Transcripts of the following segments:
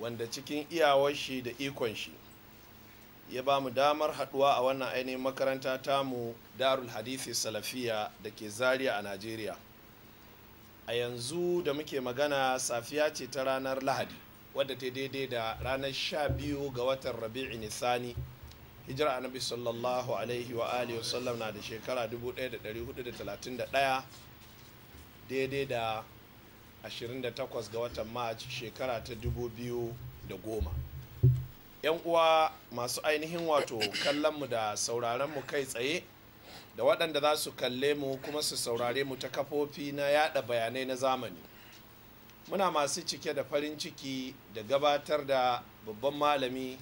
wanda cikin iyawar shi da ikon shi ya ba mu damar haduwa a wannan ainihin makaranta ta mu darul hadithi salafiya da ke Zariya a najeriya a yanzu da muke magana safiya ce ta ranar lahadi wadda ta daidai da ranar sha biyu ga watan rabi'i nisani hijira annabi sallallahu alaihi wa alihi wasallam na da shekara 1431 daidai da 28 ga watan march shekara ta 2010 'yan uwa masu ainihin wato kallonmu da mu kai tsaye da waɗanda za su kalle mu kuma su saurare mu ta kafofi na yada bayanai na zamani muna masu cike da farin ciki da gabatar da babban malami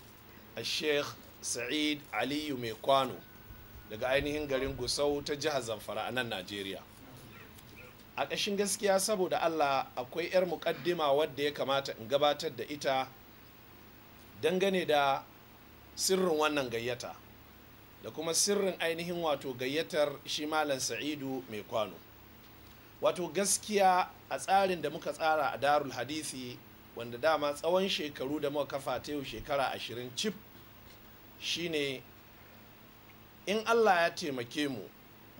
a sheikh sa'id aliyu mai kwano daga ainihin garin gusau ta jihar zamfara a nan najeriya a ƙashin gaskiya saboda allah akwai 'yar muƙaddima wadda ya kamata in gabatar da ita dangane da sirrin wannan gayyata da kuma sirrin ainihin wato gayyatar shi malam sa'idu mai kwano wato gaskiya a tsarin da muka tsara a darul hadisi wanda dama tsawon shekaru da muka kafa ta yau shekara ashirin cif shine in allah ya taimake mu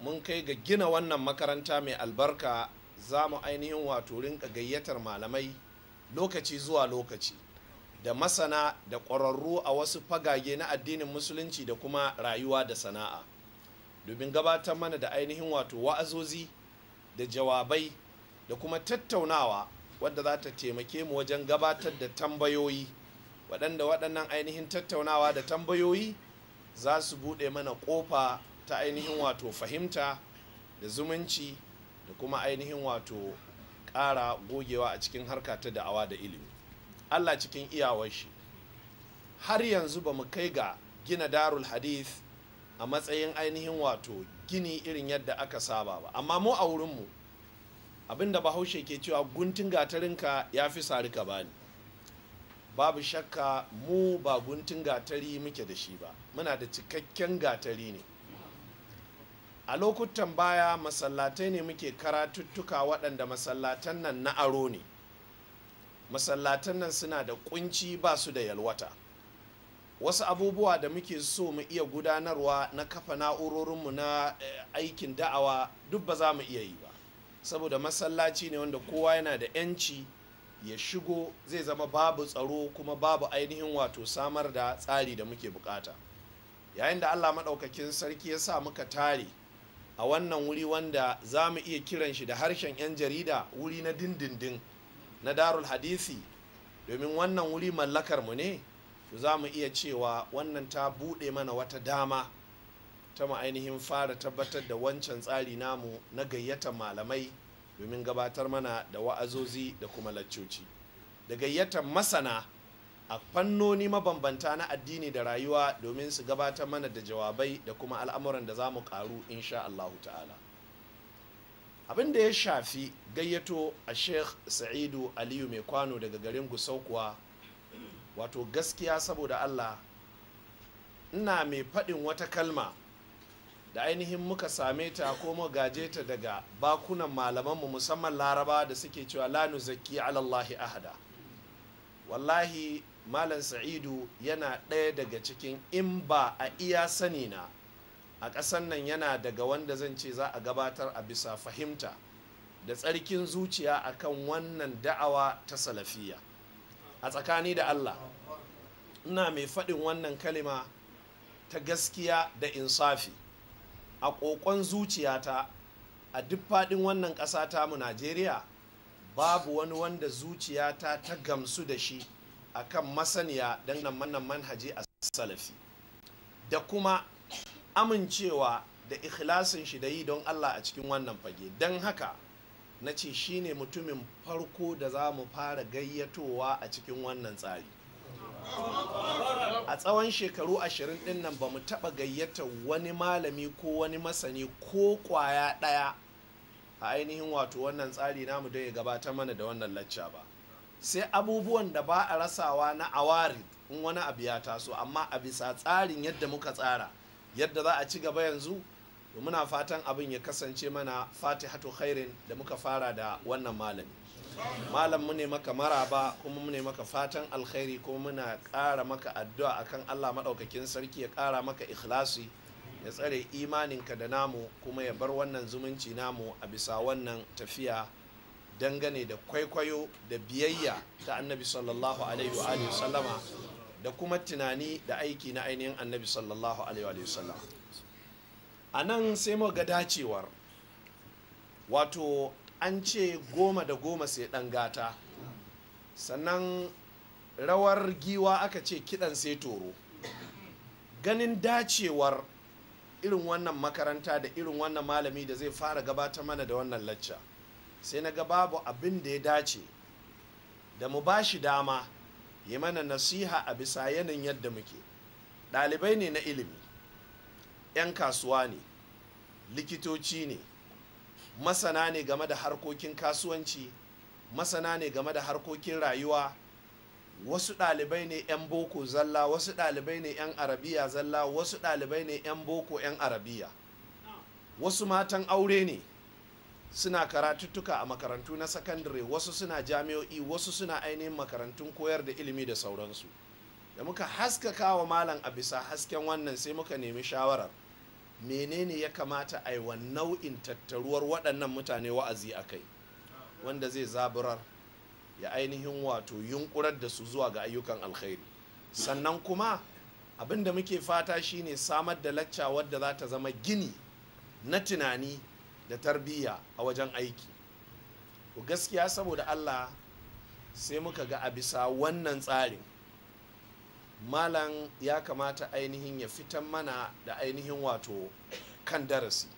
mun kai ga gina wannan makaranta mai albarka za mu ainihin wato rinka gayyatar malamai lokaci zuwa lokaci da masana da ƙwararru a wasu fagage na addinin musulunci da kuma rayuwa da sana'a domin gabatar mana da ainihin wato wa'azozi da jawabai da kuma tattaunawa wadda za ta taimake mu wajen gabatar da tambayoyi waɗanda waɗannan ainihin tattaunawa da tambayoyi za su buɗe mana ƙofa ta ainihin wato fahimta da zumunci da kuma ainihin wato ƙara gogewa a cikin harka ta da'awa da ilimi allah cikin iyawar har yanzu ba mu kai ga gina darul hadith a matsayin ainihin wato gini irin yadda aka saba ba amma mu a wurinmu abinda bahaushe ke cewa guntun gatarinka ya fi sarika bani babu shakka mu ba guntun gatari muke da shi ba muna da cikakken gatari ne a lokutan baya masallatai ne muke karatuttuka waɗanda masallatan nan na aro ne masallatan nan suna da kunci ba su da yalwata wasu abubuwa da muke so mu iya gudanarwa na kafa na'urorinmu na eh, aikin da'awa duk ba za mu iya yi ba saboda masallaci ne wanda kowa yana da 'yanci ya shigo zai zama babu tsaro kuma babu ainihin wato samar da tsari da muke bukata yayin da allah maɗaukakin sarki ya sa muka tare a wannan wuri wanda za mu iya kiran shi da harshen 'yan jarida wuri na dindindin na darul hadisi domin wannan wuri mallakar mu ne to za mu iya cewa wannan ta buɗe mana wata dama ta mu ainihin fara tabbatar da wancan tsari namu na gayyatar malamai domin gabatar mana da wa'azozi da kuma laccoci da gayyatar masana a fannoni mabambanta na addini da rayuwa domin su gabatar mana da jawabai da kuma al'amuran da za mu karu insha Allahu ta'ala abin da ya shafi gayyato a sheikh sa'idu aliyu mai kwano daga garin gusau kuwa wato gaskiya saboda allah ina mai faɗin wata kalma da ainihin muka same ta ko mu gaje ta daga bakunan malamanmu musamman laraba da suke cewa la Zaki, alallahi ahada wallahi malam sa'idu yana ɗaya daga cikin in ba a iya sani na a ƙasan nan yana daga wanda zan ce za a gabatar a bisa fahimta da tsarkin zuciya akan wannan da'awa ta salafiya a tsakani da allah ina mai faɗin wannan kalima ta gaskiya da insafi a ƙoƙon zuciyata a duk faɗin wannan ƙasa mu najeriya babu wani wanda zuciyata ta gamsu da shi akan masaniya don nan manhaji a salafi da kuma amincewa da ikhlasin shi da yi don Allah a cikin wannan fage don haka na ce shi ne mutumin farko da za mu fara gayyatowa a cikin wannan tsari a tsawon shekaru ashirin din nan ba mu taɓa gayyata wani malami ko wani masani ko kwaya ɗaya a ainihin wato wannan tsari namu don ya gabata mana da wannan lacca ba sai abubuwan da ba a rasawa na awarid in wani abu ya taso amma a bisa tsarin yadda muka tsara yadda za a ci gaba yanzu muna fatan abin ya kasance mana fati hatu khairin da muka fara da wannan malami malam mu ne maka maraba kuma mu maka fatan alkhairi kuma muna kara maka addu'a akan Allah maɗaukakin sarki ya kara maka ikhlasi ya tsare imaninka da namu kuma ya bar wannan zumunci namu a bisa wannan tafiya dangane da kwaikwayo da biyayya ta annabi sallallahu alaihi wa sallama da kuma tunani da aiki na ainihin annabi sallallahu alaihi wa sallama a nan sai mu ga dacewar wato an ce goma da goma sai ɗan gata sannan rawar giwa aka ce kiɗan sai toro ganin dacewar irin wannan makaranta da irin wannan malami da zai fara gabata mana da wannan lacca sai na ga babu abin da ya dace da mu ba shi dama yi mana nasiha a bisa yanin yadda muke ɗalibai ne na ilimi 'yan kasuwa ne likitoci ne masana ne game da harkokin kasuwanci masana ne game da harkokin rayuwa wasu ɗalibai ne 'yan boko zalla wasu ɗalibai ne 'yan arabiya zalla wasu ɗalibai ne 'yan boko 'yan arabiya wasu matan aure ne suna karatuttuka a makarantu na sakandare wasu suna jami'o'i wasu suna ainihin makarantun koyar da ilimi da sauransu da muka haskaka wa malam a bisa hasken wannan sai muka nemi shawarar menene ya kamata a yi wa nau'in tattaruwar waɗannan mutane wa'azi a kai wanda zai zaburar ya ainihin wato yunƙurar da su zuwa ga ayyukan alkhairi sannan kuma abin da muke fata shine samar da lacca wadda za ta zama gini na tunani da tarbiyya a wajen aiki Ku gaskiya saboda allah sai muka ga a bisa wannan tsarin malam ya kamata ainihin ya fitan mana da ainihin wato kan darasi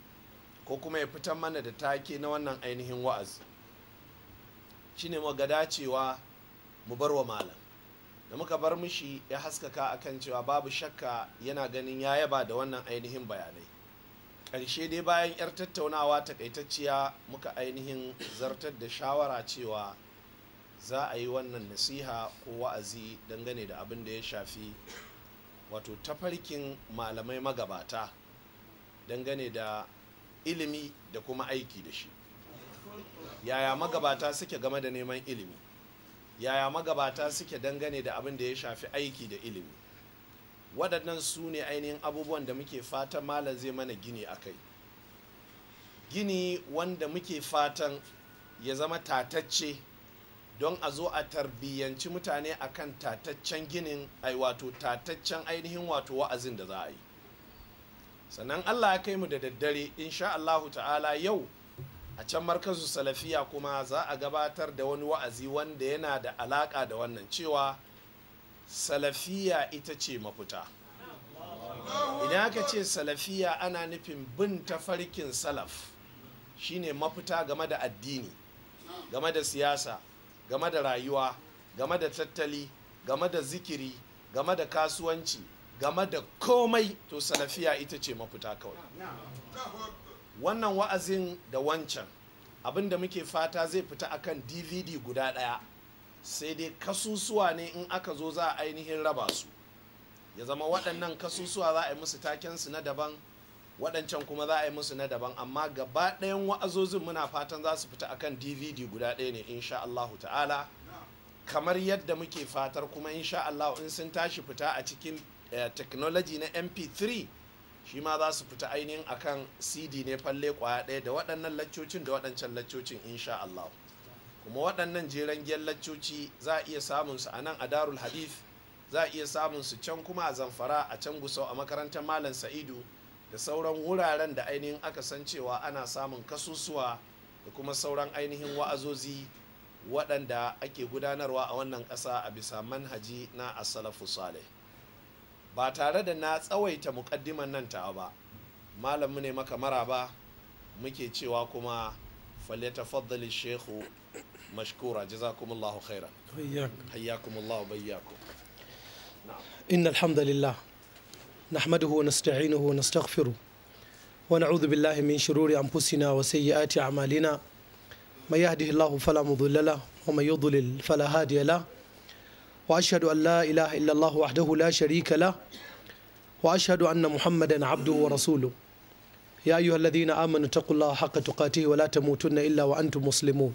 ko kuma ya fitan mana da take na wannan ainihin wa'azi shine ga dacewa mu bar wa malam da muka bar mishi ya haskaka akan cewa babu shakka yana ganin ya yaba da wannan ainihin bayanai Karshe dai bayan 'yar tattaunawa takaitacciya muka ainihin zartar da shawara cewa za a yi wannan nasiha ko wa'azi dangane da abin da ya shafi wato tafarkin malamai magabata dangane da ilimi da kuma aiki da shi yaya magabata suke game da neman ilimi yaya magabata suke dangane da abin da ya shafi aiki da ilimi waɗannan su ne ainihin abubuwan da muke fata malam zai mana gini a kai gini wanda muke fatan ya zama tatacce don a zo a tarbiyyanci mutane a kan tataccen ginin ai wato tataccen ainihin wato wa'azin da za a yi sannan allah ya kai mu da daddare insha allahu ta'ala yau a can markazu salafiya kuma za a gabatar da wani wa'azi wanda yana da alaka da wannan cewa salafiya ita ce mafuta idan aka ce salafiya ana nufin bin tafarkin salaf shine mafita game da addini game da siyasa game da rayuwa game da tattali game da zikiri game da kasuwanci game da komai to salafiya ita ce mafuta kawai wannan wa'azin da wancan abinda muke fata zai fita akan dvd guda daya. sai dai kasusuwa ne in aka zo za a ainihin raba su ya zama waɗannan kasusuwa za a yi musu takensu na daban waɗancan kuma za a yi musu na daban amma gaba ɗayan wa'azozin muna fatan za su fita akan dvd guda ɗaya ne insha Allahu ta'ala kamar yadda muke fatar kuma insha Allah in sun tashi fita a cikin eh, technology na mp3 shi ma za su fita ainihin akan cd ne falle kwaya ɗaya da waɗannan laccocin da waɗancan laccocin insha Allah kuma waɗannan jeren gyallaccoci za a iya samun su a nan a darul hadith za a iya samun su can kuma a zamfara a can gusau a makarantar malam sa'idu da sauran wuraren da ainihin aka san cewa ana samun kasusuwa da kuma sauran ainihin wa'azozi waɗanda ake gudanarwa a wannan ƙasa a bisa manhaji na asalafu salih ba tare da na tsawaita muƙaddiman nan ta ba mu ne maka ba muke cewa kuma falle ta shehu مشكورة جزاكم الله خيرا حياك. حياكم الله وبياكم نعم. إن الحمد لله نحمده ونستعينه ونستغفره ونعوذ بالله من شرور أنفسنا وسيئات أعمالنا من يهده الله فلا مضل له ومن يضلل فلا هادي له وأشهد أن لا إله إلا الله وحده لا شريك له وأشهد أن محمدا عبده ورسوله يا أيها الذين آمنوا اتقوا الله حق تقاته ولا تموتن إلا وأنتم مسلمون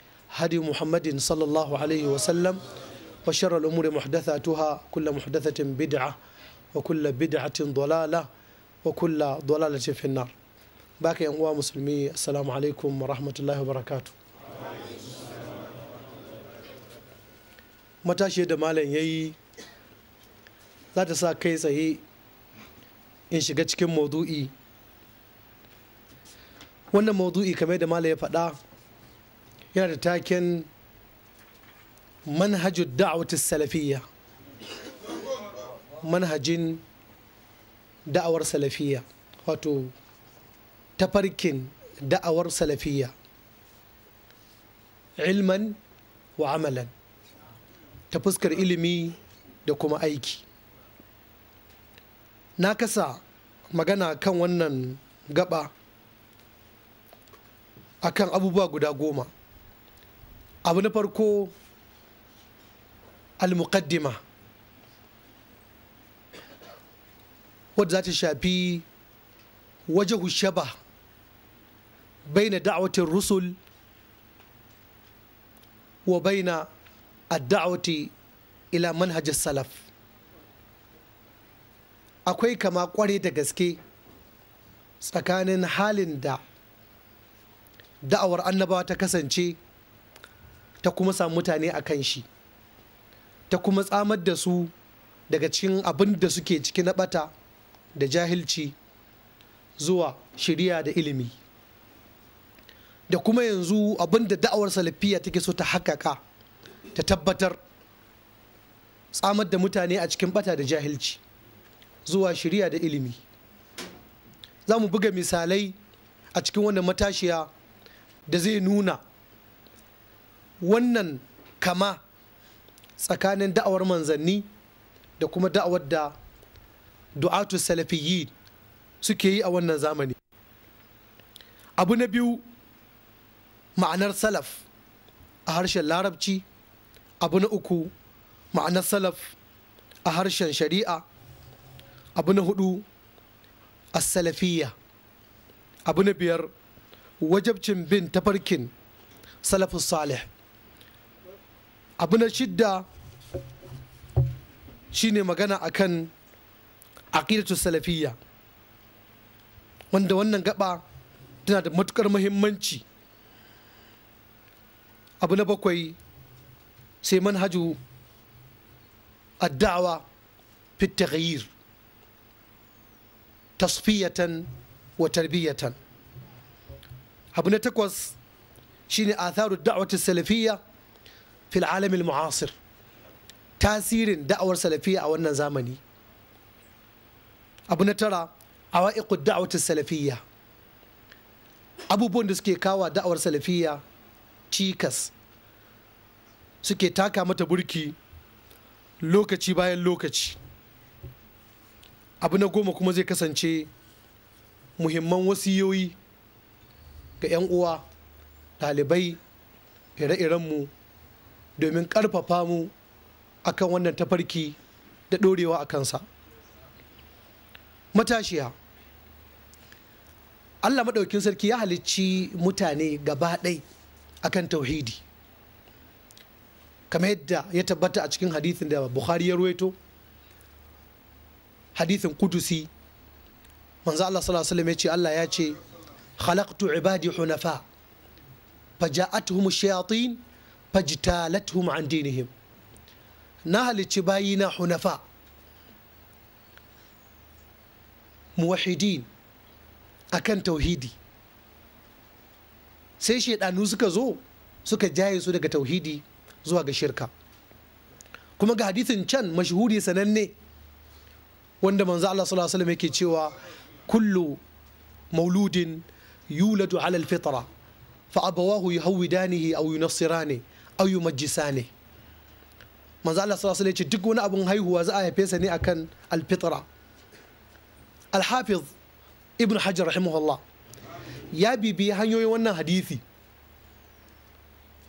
هدي محمد صلى الله عليه وسلم وشر الأمور محدثاتها كل محدثة بدعة وكل بدعة ضلالة وكل ضلالة في النار باقي أنواع مسلمي السلام عليكم ورحمة الله وبركاته matashi da malam ya yi za ta sa kai tsaye in shiga cikin maudu'i wannan maudu'i kamar da malam ya faɗa yana da taken manhajin da'awar salafiyya manhajin da'awar salafiyya wato tafarkin da'awar salafiyya ilman wa amalan ta fuskar ilimi da kuma aiki na kasa magana kan wannan gaba akan abubuwa guda goma abu na farko al-muqaddima wadda za ta shafi waje shaba baina da'watin rusul wa baina ad ila manhajar salaf akwai kama kware da gaske tsakanin halin da da'awar annabawa ta kasance ta kuma samu mutane a kan shi ta kuma tsamar da su daga cikin abin da suke ciki na bata da jahilci zuwa shiriya da ilimi da kuma yanzu abin da da'awar salafiya take so ta hakaka ta tabbatar tsamar da mutane a cikin bata da jahilci zuwa shiriya da ilimi za mu buga misalai a cikin wannan matashiya da zai nuna wannan kama tsakanin da'awar manzanni da kuma da'awar da du'atu salafiyyi suke yi a wannan zamani abu na biyu ma'anar salaf a harshen larabci abu na uku ma'anar salaf a harshen shari'a abu na hudu a salafiyya abu na biyar wajabcin bin tafarkin salafus salih abu na shidda shine magana akan aqidatu salafiyya wanda wannan gaba tana da matukar muhimmanci abu na bakwai sai manhaju addawa fi taghyir tasfiyatan wa tarbiyatan abu na takwas shine atharu da'wati salafiyya fil alamil muhasir tasirin da'awar salafiya a wannan zamani abu na tara a wa'iƙu da'awar salafiyya abubuwan da suke kawa da'awar salafiyya cikas suke taka mata burki lokaci bayan lokaci abu na goma kuma zai kasance muhimman wasiyoyi ga 'yan uwa ɗalibai ire-irenmu domin karfafa mu akan wannan tafarki da ɗorewa a kansa matashiya allah maɗaukin sarki ya halicci mutane gaba ɗai akan tauhidi kamar yadda ya tabbata a cikin hadithin da buhari ya ruwaito hadithin kudusi manzo allah sallallahu alaihi ya ce allah ya ce khalaqtu ibadi hunafa فجاءتهم shayatin fajtalathum an dinihim na halicci bayina hunafa muwahidin kan tauhidi sai shaidanu suka zo suka jaye su daga tauhidi zuwa ga shirka kuma ga hadithin can mashhuri sananne wanda manzo Allah sallallahu alaihi yake cewa kullu mauludin yuladu ala alfitra fa abawahu yahwidanihi aw yunassirani majisa ne manzo Allah sallallahu alaihi duk wani abun haihuwa za a haife sa ne akan alfitra alhafiz ibn hajar rahimahullah ya bibi hanyoyin wannan hadisi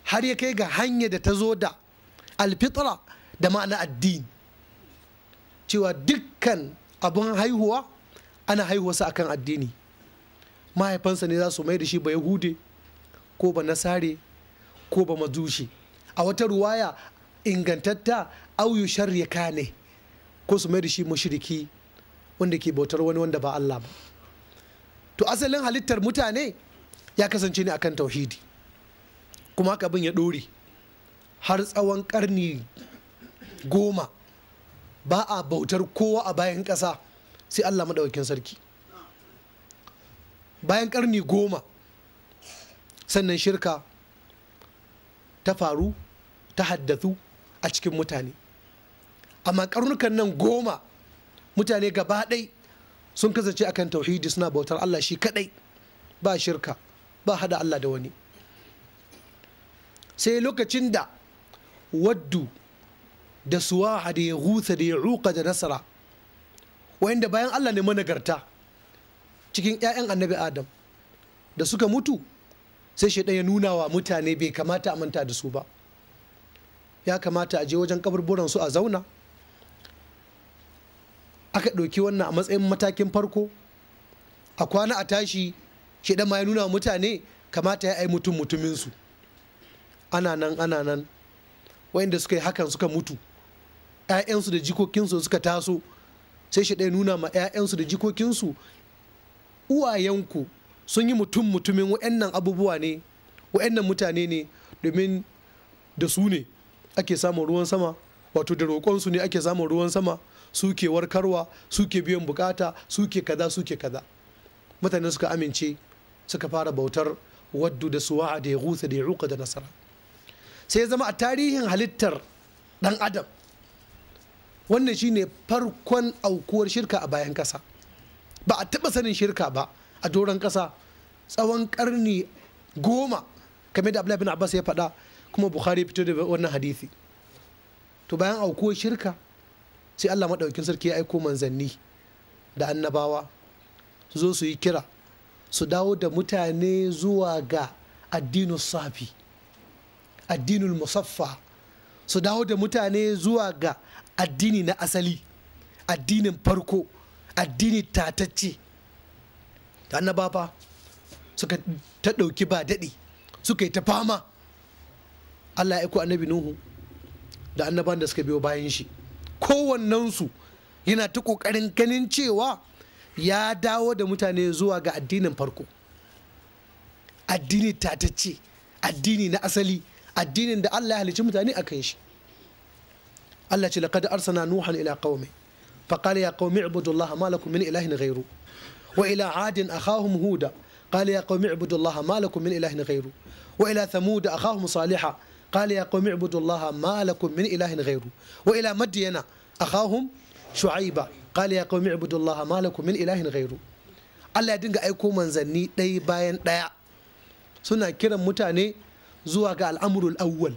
har ya kai ga hanya da ta zo da alfitra da ma'ana addini cewa dukkan abun haihuwa ana sa akan addini mahaifansa ne za su mai da shi ba yahude ko ba nasare ko ba mazushe a wata ruwaya ingantatta auyu yusharri ne ko su mai da shi mushriki wanda ke bautar wani wanda ba Allah ba to asalin halittar mutane ya kasance ne akan tauhidi kuma haka bin ya dore har tsawon karni goma ba a bautar kowa a bayan ƙasa sai Allah maɗaukakin sarki bayan karni goma sannan shirka ta faru ta haddatu a cikin mutane amma karnukan nan goma mutane gaba ɗai sun kasance akan tauhidi suna bautar Allah shi kaɗai ba shirka ba hada Allah da wani sai lokacin da waddu da suwaha da ya gusa da ya ruka da nasara wayanda bayan Allah ne managarta cikin 'ya'yan annabi adam da suka mutu sai shi ya nuna wa mutane bai kamata a manta da su ba ya kamata a je wajen kaburburan su a zauna aka ɗauki wannan a matsayin matakin farko a kwana a tashi shi ma ya nuna mutane kamata ya yi mutum mutuminsu ana nan ana nan wayanda suka yi hakan suka mutu 'ya'yansu da jikokinsu suka taso sai shi ɗaya nuna ma 'ya'yansu da jikokinsu uwayenku sun yi mutum mutumin wa'annan abubuwa ne wa'annan mutane ne domin da su ne ake samun ruwan sama wato da su ne ake samun ruwan sama suke warkarwa suke biyan bukata suke kaza suke kaza mutane suka amince suka fara bautar waddu da suwa da ya rusa da ruka da nasara sai ya zama a tarihin halittar dan adam wannan shine farkon aukuwar shirka a bayan kasa ba a taɓa sanin shirka ba a doron kasa tsawon karni goma kamar da abu abbas ya faɗa kuma bukhari ya fito da wannan hadisi to bayan aukuwar shirka sai allah maɗaukin sarki ya aiko manzanni da annabawa su zo su yi kira su dawo da mutane zuwa ga addinin safi addinin musaffa su dawo da mutane zuwa ga addini na asali addinin farko addini tatacce Annabawa suka ta ɗauki ba daɗi suka yi ta fama Allah ya aiko annabi Nuhu da annaban da suka biyo bayan shi kowannensu yana ta kokarin ganin cewa ya dawo da mutane zuwa ga addinin farko addini tatacce addini na asali addinin da Allah ya halicci mutane a kan shi Allah ce laqad arsana nuhan ila qaumi فقال يا قوم اعبدوا الله ما لكم من إله غيره وإلى عاد أخاهم هودا قال يا قوم اعبدوا الله ما لكم من إله غيره وإلى a أخاهم صالحا قال يا قوم اعبدوا الله ما لكم من إله غيره وإلى مدين أخاهم شعيبا قال يا قوم اعبدوا الله ما لكم من إله غيره Allah ya dinga aiko manzanni ɗaya bayan ɗaya suna kiran mutane zuwa ga al'amurul awwal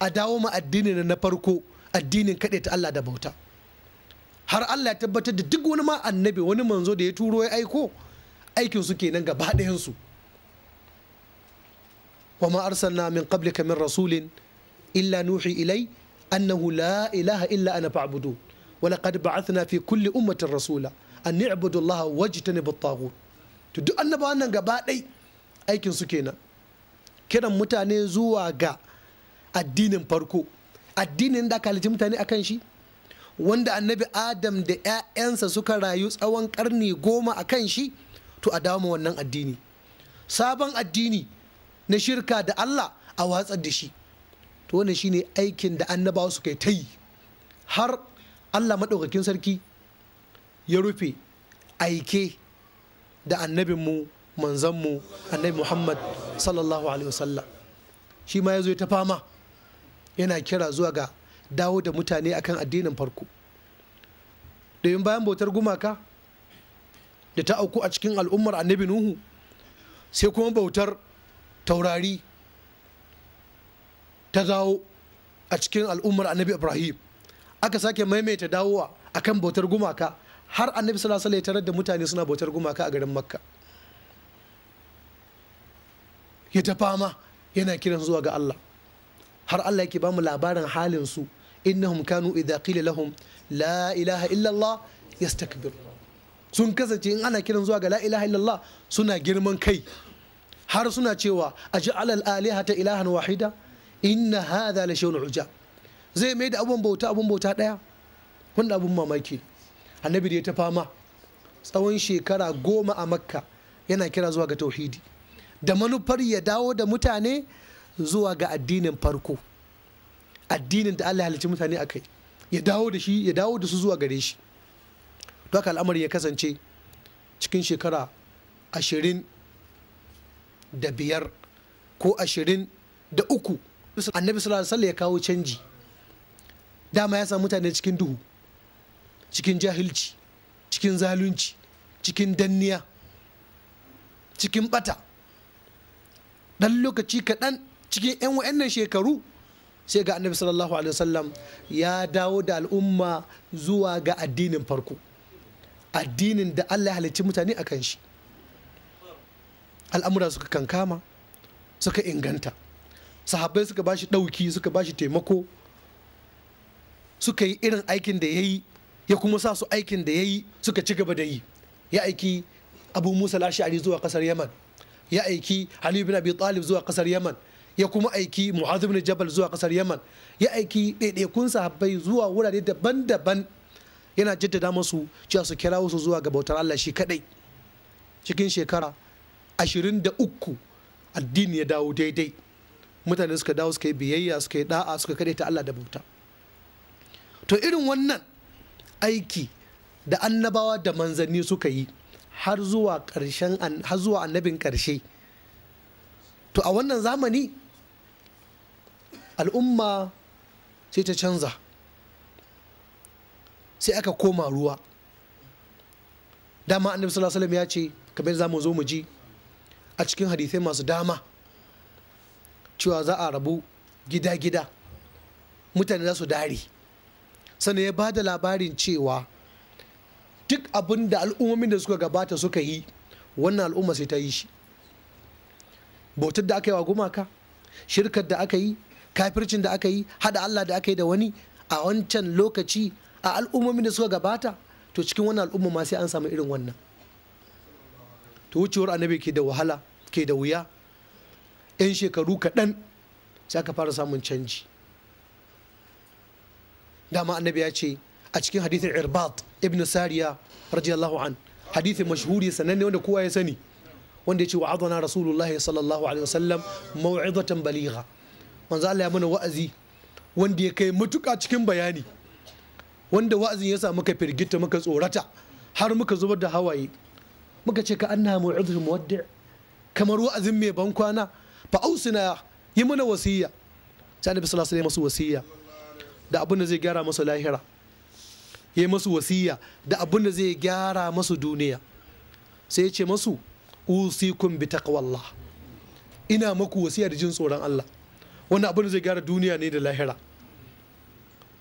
a dawo ma addinin na farko addinin kaɗe ta Allah da bauta har Allah ya tabbatar da duk wani ma annabi wani manzo da ya turo ya aiko aikinsu kenan gaba ɗayansu su وما أرسلنا من قبلك من رسول إلا نوحي إلي أنه لا إله إلا أنا فاعبدون ولقد بعثنا في كل أمة رسولا أن نعبدوا الله واجتنبوا الطاغوت to duk annabawan nan gaba ɗai aikin su kenan kiran mutane zuwa ga addinin farko addinin da kalici mutane a kan shi wanda annabi adam da 'ya'yansa suka rayu tsawon karni goma a kan shi to a dawo wannan addini sabon addini na shirka da Allah a watsar da shi to wannan shine aikin da annabawa suka ta yi har Allah maɗaukakin sarki ya rufe aike da annabinmu manzanmu annabi Muhammad sallallahu alaihi wasallam shi ma ya zo ta fama yana kira zuwa ga dawo da mutane akan addinin farko domin bayan bautar gumaka da ta auku a cikin al'ummar annabi nuhu sai kuma bautar taurari ta dawo a cikin al'ummar annabi ibrahim aka sake maimaita dawowa akan bautar gumaka har annabi salasala ya tarar da mutane suna bautar gumaka a garin makka ya ta fama yana kiran zuwa ga allah har allah yake bamu labarin halin su innahum kanu idza qila lahum la ilaha illallah yastakbir sun kasance in ana kiran zuwa ga la ilaha illallah suna girman kai har suna cewa a ji alal alihata ilahan wahida inna hadha la shay'un uja zai mai da abun bauta abun bauta daya wanda abun mamaki annabi da ya ta fama tsawon shekara goma a makka yana kira zuwa ga tauhidi da manufar ya dawo da mutane zuwa ga addinin farko addinin da Allah halicci mutane a kai ya dawo da shi ya dawo da su zuwa gare shi haka al'amari ya kasance cikin shekara ashirin da biyar ko ashirin da uku annabi sallallahu ya kawo canji dama ya samu mutane cikin duhu cikin jahilci cikin zalunci cikin danniya cikin bata dan lokaci kaɗan cikin 'yan wa'annan shekaru sai ga annabi sallallahu alaihi wasallam ya dawo da al'umma zuwa ga addinin farko addinin da allah ya halicci mutane a kan shi al'amura suka kankama suka inganta sahabbai suka bashi ɗauki suka bashi taimako suka yi irin aikin da ya yi ya kuma sa su aikin da ya yi suka ci gaba da yi ya aiki abu musa lashari zuwa kasar yaman ya aiki ali bin abi talib zuwa kasar yaman ya kuma aiki mu'adh bin jabal zuwa kasar yaman ya aiki ɗaiɗaikun sahabbai zuwa wurare daban-daban yana jaddada musu cewa su kira su zuwa ga bautar allah shi kadai cikin shekara Ashirin da uku addini ya dawo daidai mutane suka dawo suka yi biyayya suka yi da'a suka kaɗe ta Allah da bauta to irin wannan aiki da annabawa da manzanni suka yi har zuwa ƙarshen har zuwa annabin ƙarshe to a wannan zamani al'umma sai ta canza sai aka koma ruwa dama annabi sallallahu alaihi wasallam ya ce kamar za mu zo mu ji a cikin hadisai masu dama cewa za a rabu gida-gida mutane za su dare sannan ya ba da labarin cewa duk abin da al'ummomin da suka gabata suka yi wannan al'umma sai ta yi shi bautar da aka yi wa gumaka shirkar da aka yi kafircin da aka yi hada allah da aka yi da wani a wancan lokaci a al'ummomin da suka gabata to cikin wannan al'umma ma sai an samu irin wannan to wucewar annabi ke da wahala ke da wuya 'yan shekaru kaɗan sai aka fara samun canji dama annabi ya ce a cikin hadithin irbat ibn sariya radiyallahu an hadithin mashhuri sananne wanda kowa ya sani wanda ya ce wa'adana rasulullahi sallallahu alaihi wasallam mau'izatan baliha manzo Allah ya mana wa'azi wanda ya kai matuka cikin bayani wanda wa'azin ya sa muka firgita muka tsorata har muka zubar da hawaye muka ce ka anna mu'izatu muwaddi' kamar wa'azin mai ban kwana fa ausina yi mana wasiya sai annabi sallallahu alaihi masu wasiya da abin da zai gyara masu lahira yi masu wasiya da abin da zai gyara masu duniya sai ya ce masu usikum bi taqwallah ina maku wasiya da jin tsoron Allah wannan abin da zai gyara duniya ne da lahira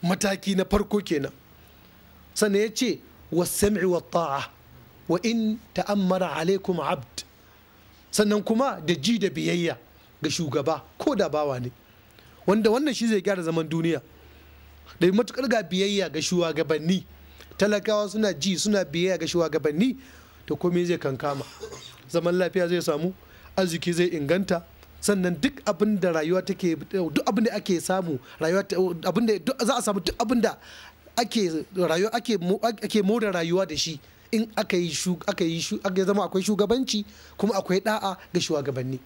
mataki na farko kenan sannan ya ce wasam'i wa ta'a wa in ta'ammara alaikum abd sannan kuma da ji da biyayya ga shugaba ko da bawa ne wanda wannan shi zai gyara zaman duniya da matukar ga biyayya ga shugabanni talakawa suna ji suna biyayya ga shugabanni to komai zai kankama zaman lafiya zai samu arziki zai inganta sannan duk abin da rayuwa take duk abin da ake samu rayuwa abin da za a samu duk abin da ake rayuwa ake more rayuwa da shi in aka yi aka yi aka zama akwai shugabanci kuma akwai da'a ga shugabanni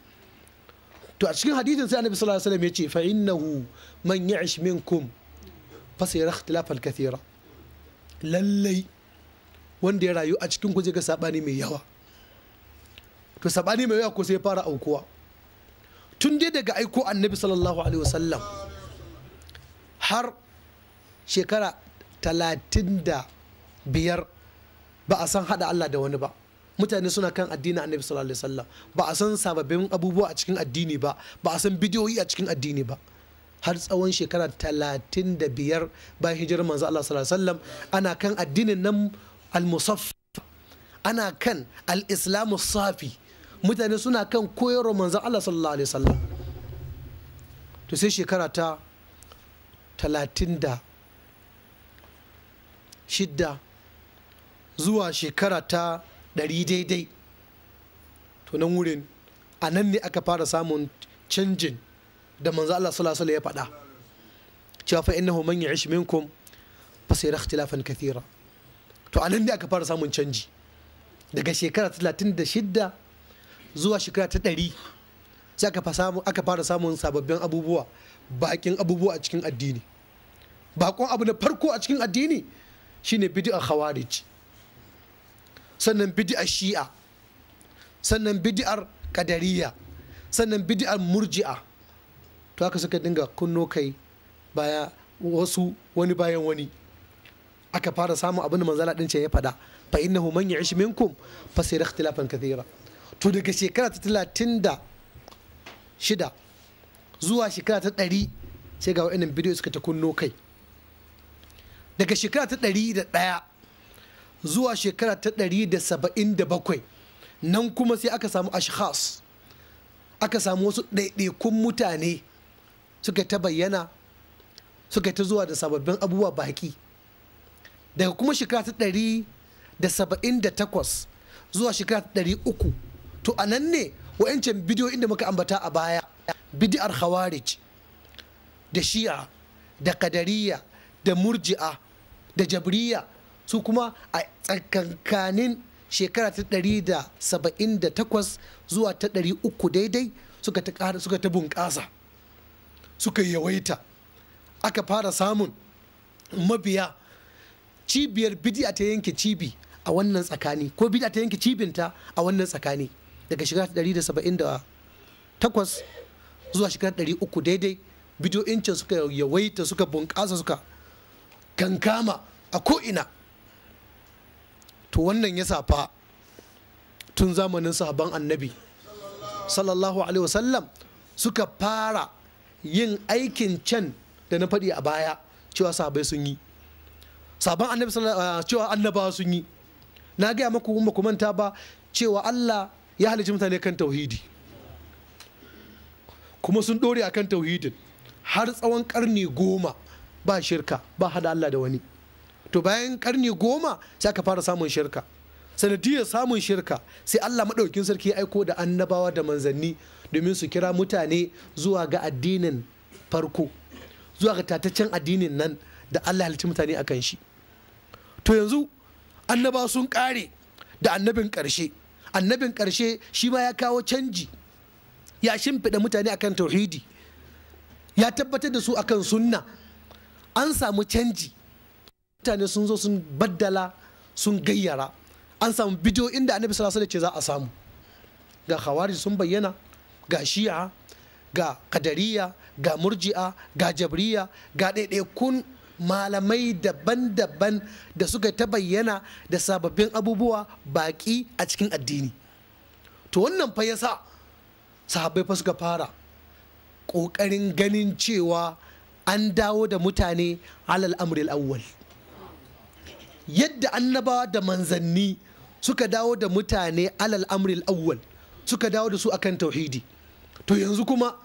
to a cikin hadisin sai annabi sallallahu alaihi wasallam yace fa innahu man ya'ish minkum fa sayara ikhtilafan kathira lallai wanda ya rayu a cikin kuje ga sabani mai yawa to sabani mai yawa ko sai fara aukuwa tun dai daga aiko annabi sallallahu alaihi wasallam har shekara talatin da biyar ba a san hada Allah da wani ba mutane suna kan addini annabi sallallahu alaihi wasallam ba a san sababbin abubuwa a cikin addini ba ba a san bidiyoyi a cikin addini ba har tsawon shekara talatin da biyar bayan hijirar manzo Allah sallallahu alaihi wasallam ana kan addinin nan al-musaff ana kan al-islamu safi mutane suna kan koyarwa manzo Allah sallallahu alaihi wasallam to sai shekara ta talatin da shidda zuwa shekara ta ɗari daidai to nan wurin a nan ne aka fara samun canjin da manzo Allah sallallahu alaihi ya faɗa cewa fa innahu man ya'ish minkum fa sayara ikhtilafan kathira to a nan ne aka fara samun canji daga shekara 36 zuwa shekara ta 100 sai aka fara samun sababbin abubuwa bakin abubuwa a cikin addini bakon abu na farko a cikin addini shine bid'a khawarij sannan bidi'ar shi'a sannan bidi'ar kadariya sannan bidi'ar murji'a to haka suka dinga kunno kai baya wasu wani bayan wani aka fara samun abin da manzala ɗin ce ya faɗa fa innahu man ya'ish minkum fa sayara ikhtilafan kathira to daga shekara ta talatin da shida zuwa shekara ta ɗari sai ga wa'annan bidiyo suka ta kunno kai daga shekara ta ɗari da ɗaya zuwa shekara ta 177 nan kuma sai aka samu ashkhas aka samu wasu ɗaiɗaikun mutane suka ta bayyana suka ta zuwa da sababbin abubuwa baki daga kuma shekara ta ɗari da takwas zuwa shekara ta ɗari uku to a nan ne wa'ancan bidiyo inda muka ambata a baya bidiyar khawarij da shi'a da kadariya da murji'a da jabriya su kuma a tsakankanin shekara ta 178 zuwa ta 300 daidai suka ta suka ta bunƙasa suka yawaita aka fara samun mabiya cibiyar bidi'a ta yanke cibi a wannan tsakani ko bidi'a ta yanke cibinta a wannan tsakani daga shekara ta 178 zuwa shekara 300 daidai incin suka yawaita suka bunƙasa suka kankama a ko'ina to wannan ya safa tun zamanin sahaban annabi sallallahu alaihi wasallam suka fara yin aikin can da na faɗi a baya cewa sahabai sun yi Sabon annabi cewa annabawa sun yi na gaya maku kuma ku manta ba cewa Allah ya halicci mutane kan tauhidi kuma sun ɗore akan tauhidin har tsawon karni goma ba shirka ba hada Allah da wani to bayan karni goma sai aka fara samun shirka sanadiyar samun shirka sai Allah maɗaukin sarki ya aiko da annabawa da manzanni domin su kira mutane zuwa ga addinin farko zuwa ga tataccen addinin nan da Allah halicci mutane akan shi to yanzu annaba sun ƙare da annabin ƙarshe annabin ƙarshe shi ma ya kawo canji ya shimfiɗa mutane akan tauhidi ya tabbatar da su akan sunna an samu canji mutane sun zo sun baddala sun gayyara an samu bidiyo inda annabi sallallahu alaihi ce za a samu ga khawarij sun bayyana ga shi'a ga kadariya ga murji'a ga jabriya ga ɗaiɗaikun malamai daban-daban da suka ta bayyana da sababbin abubuwa baƙi a cikin addini to wannan fa yasa sahabbai fa suka fara ƙoƙarin ganin cewa an dawo da mutane alal amril awwal yadda annabawa da manzanni suka dawo da mutane alal amril awwal suka dawo da su akan tauhidi to yanzu kuma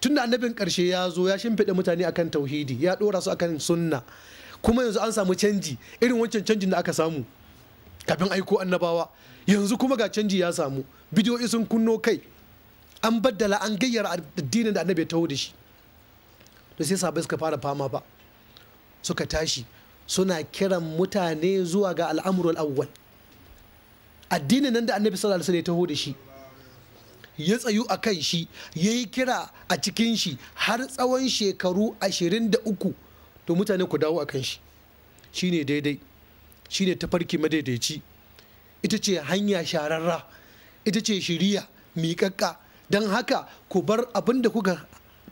tun da annabin karshe ya zo ya shimfiɗa mutane akan tauhidi ya ɗora su akan sunna kuma yanzu an samu canji irin wancan canjin da aka samu kafin aiko annabawa yanzu kuma ga canji ya samu bidiyoyi sun kunno kai an baddala an gayyara addinin da annabi ya taho da shi to sai sabai suka fara fama ba suka tashi suna kiran mutane zuwa ga al'amurul awwal addinin nan da annabi sallallahu alaihi wasallam ya taho da shi ya tsayu a kan shi ya yi kira a cikin shi har tsawon shekaru 23 to mutane ku dawo a kan shi shi ne daidai shi ne tafarki madaidaici ita ce hanya shararra ita ce shiriya miƙaƙƙa don haka ku bar abin da kuka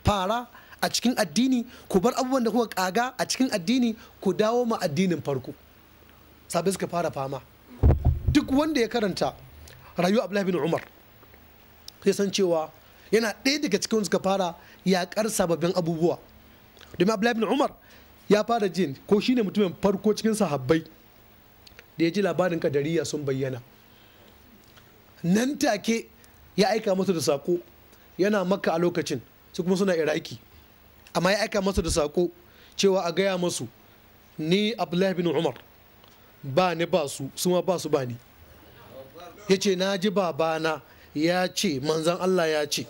fara a cikin addini ku bar abubuwan da kuka kaga a cikin addini ku dawo ma addinin farko sabai suka fara fama duk wanda ya karanta rayuwa abdullahi bin umar sai san cewa yana ɗaya daga cikin suka fara yaƙar sababbin abubuwa domin abdullahi bin umar ya fara jin ko shi ne mutumin farko cikin sahabbai da ya ji labarin kadariya sun bayyana nan take ya aika musu da sako yana maka a lokacin su kuma suna iraki amma ya aika masa da sako cewa a gaya masu ni abdullahi bin umar ba ni ba su suma ba su ba ni ya ce na ji babana ya ce manzan allah ya ce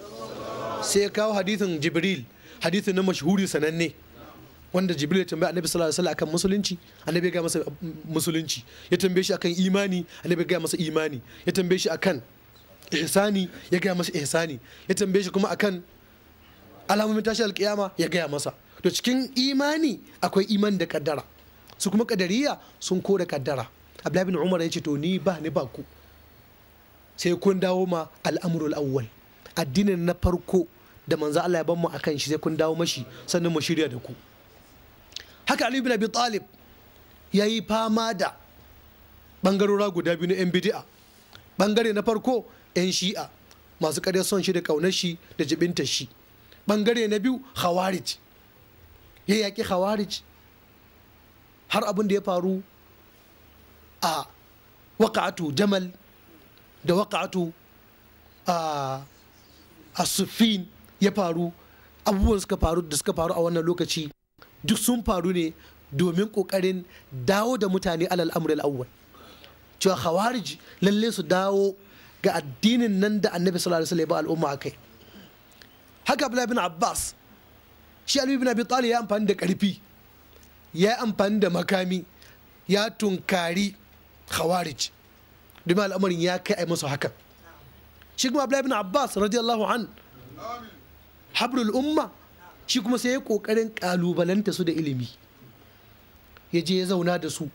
sai ya kawo hadithin jibril hadithin na mashhuri sananne wanda jibril ya tambaye annabi sallallahu alaihi wasallam akan musulunci annabi ya ga masa musulunci ya tambaye shi akan imani annabi ya ga masa imani ya tambaye shi akan ihsani ya ga masa ihsani ya tambaye shi kuma akan alamomin tashi alkiyama ya gaya masa to cikin imani akwai iman da kaddara su kuma kadariya sun kore kaddara abdullahi bin umar ya ce to ni ba ni ba ku sai kun dawo ma al'amurul awwal addinin na farko da manzo Allah ya ban mu akan shi sai kun dawo mashi sannan mu shirya da ku haka Ali bin Abi Talib ya yi fama da bangarora guda biyu na yan bid'a bangare na farko yan shi'a masu ƙarya son shi da kaunar shi da jibinta shi bangare na biyu khawarij ya yaƙi khawarij har abin da ya faru a waƙa'atu jamal da waƙa'atu a sufin ya faru abubuwan suka faru da suka faru a wannan lokaci duk sun faru ne domin ƙoƙarin dawo da mutane alal amr al cewa khawarij lalle su dawo ga addinin nan da annabi sallallahu alaihi wasallam ba al'umma kai. haka abu labin abbas shi alibi bin abi ya amfani da karfi ya amfani da makami ya tunkari khawarij domin al'amarin ya kai masu haka shi kuma abu labin abbas radiyallahu an habrul umma shi kuma sai ya kokarin ƙalubalanta su da ilimi ya je ya zauna da su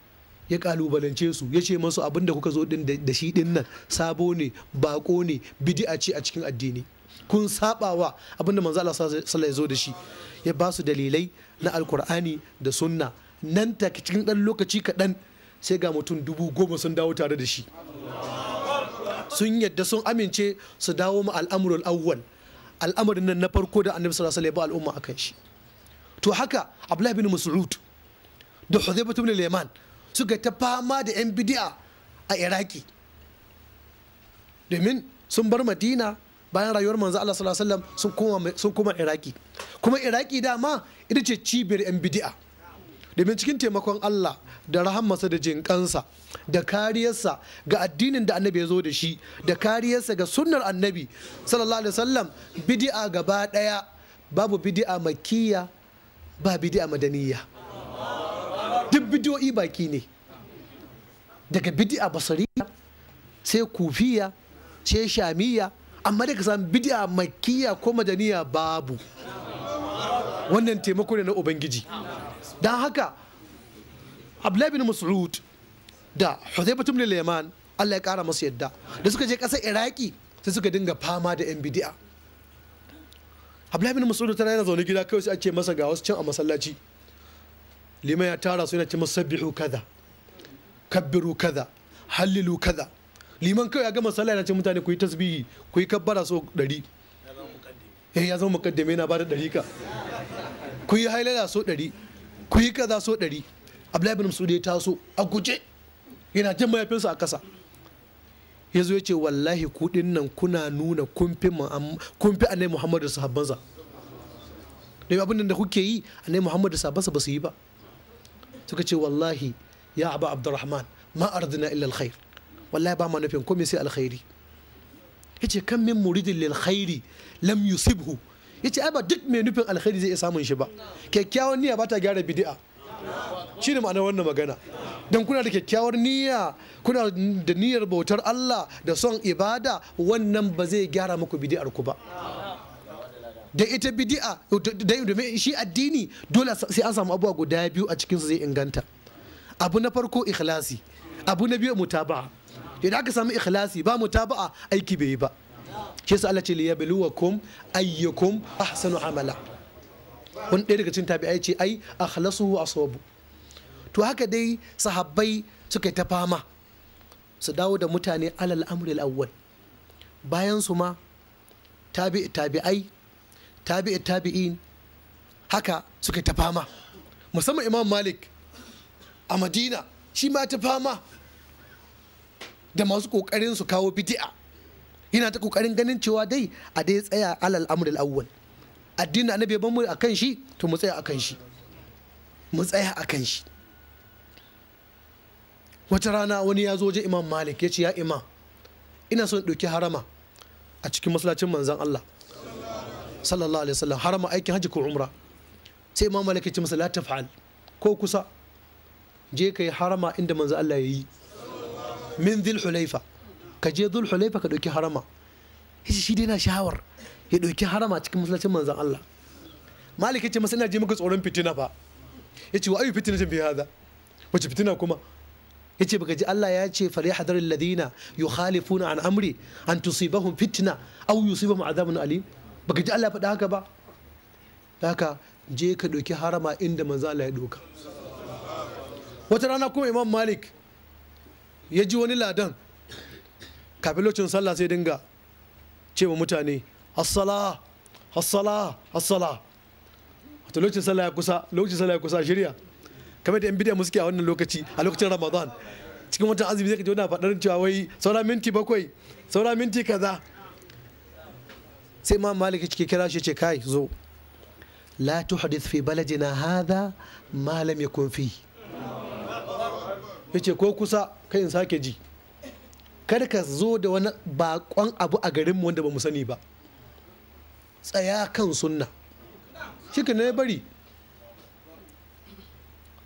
ya ƙalubalance su ya ce masu abin da kuka zo din da shi din sabo ne baƙo ne bidi'a ce a cikin addini kun wa abinda manzo Allah sallallahu ya zo da shi ya ba su dalilai na alkur'ani da sunna nan ta cikin dan lokaci kaɗan sai ga mutum dubu goma sun dawo tare da shi sun yadda sun amince su dawo ma al'amurul awwal al'amarin nan na farko da annabi sallallahu alaihi wasallam al'umma akan shi to haka abdullahi bin mas'ud da hudhaybah bin liman suka ta fama da yan bid'a a iraki domin sun bar madina bayan rayuwar manzo Allah sallallahu alaihi wasallam sun koma sun koma Iraki kuma Iraki dama ita ce cibiyar yan bid'a domin cikin taimakon Allah da rahamarsa da jinkansa da kariyarsa ga addinin da annabi ya zo da shi da kariyarsa ga sunnar annabi sallallahu alaihi wasallam bid'a gaba daya babu bid'a makkiya ba bid'a madaniya duk bid'o'i baki ne daga bid'a basariya sai kufiya sai shamiya amma da ka bidiya makiya ko madaniya babu wannan taimako ne na ubangiji don haka abdullahi bin mas'ud da hudhaybah batun al leman Allah ya kara masu yadda da suka je ƙasar iraki sai suka dinga fama da yan bidiya. abdullahi bin mas'ud tana yana zaune gida kawai sai ake masa ga wasu can a masallaci liman ya tara su yana ce masu sabbihu kaza kabbiru kaza hallilu kaza liman kawai ya gama sallah yana ce mutane ku yi tasbihi ku yi kabbara so ɗari eh ya zama mukaddame yana da ɗari ka ku yi hailala so ɗari ku yi kaza so ɗari abdullahi bin masud ya taso a guje yana jin mayafinsa a kasa ya zo ya ce wallahi kuɗin nan kuna nuna kumfi annabi muhammadu da sahabbansa da abin da kuke yi annabi muhammadu da sahabbansa ba su yi ba suka ce wallahi ya abu abdurrahman ma ardina illa alkhair wallahi ba manufin nufin komai sai alkhairi ce kan min muridin lilkhairi lam yusibhu ya ce ba duk mai nufin alkhairi zai iya samun shi ba kyakkyawan niyya ba ta gyara bidi'a. shi ne ma'anar wannan magana don kuna da kyakkyawar niyya kuna da niyyar bautar Allah da son ibada wannan ba zai gyara muku bidi'ar ku ba da ita bid'a domin shi addini dole sai an samu abubuwa guda biyu a cikinsu zai inganta abu na farko ikhlasi abu na biyu mutaba'a idan aka samu ikhlasi ba mutaba'a aiki bai yi ba shi yasa Allah ce li yabluwakum ayyukum ahsanu amala wani ɗaya daga cikin tabi'ai ce ai akhlasuhu asabu to haka dai sahabbai suka ta fama su dawo da mutane alal amril awwal bayan su ma tabi'i tabi'ai tabi'i tabi'in haka suka ta fama musamman imam malik a madina shi ma ta fama da masu kokarin su kawo bidi'a yana ta kokarin ganin cewa dai a dai tsaya alal amrul awwal addinin annabi ban mu akan shi to mu tsaya akan shi mu tsaya akan shi wata rana wani ya zo je imam malik ya ce ya imam ina son ɗauki harama a cikin masallacin manzan Allah sallallahu alaihi wasallam harama aikin hajji ko umra sai imam malik ya ce masa la ko kusa je kai harama inda manzan Allah ya yi min dhul hulaifa ka je dhul hulaifa ka dauki harama yace shi dai na shawar ya ɗauki harama cikin masallacin manzon Allah malik yace masa ina je maka tsoron fitina fa yace wa ayu fitnatin fi hada wace fitina kuma yace baka ji Allah ya ce fal yahdhar alladhina yukhalifuna an amri an tusibahum fitna aw yusibahum adhabun alim baka ji Allah ya faɗa haka ba haka je ka ɗauki harama inda manza Allah ya ɗauka wata rana kuma imam malik ya ji wani ladan kafin sallah sai dinga ce wa mutane hassala hassala hassala wato lokacin sallah ya kusa lokacin sallah ya kusa shirya kamar da yan bidiya musu a wannan lokaci a lokacin ramadan cikin watan azumi zai kaji ji wani faɗar cewa wai saura minti bakwai saura minti kaza sai ma maliki cike kira shi ce kai zo la tuhdith fi baladina hadha ma lam yakun fihi ya ce ko kusa kai in sake ji kada ka zo da wani bakon abu a garinmu wanda ba mu sani ba tsaya kan sunna shi ne bari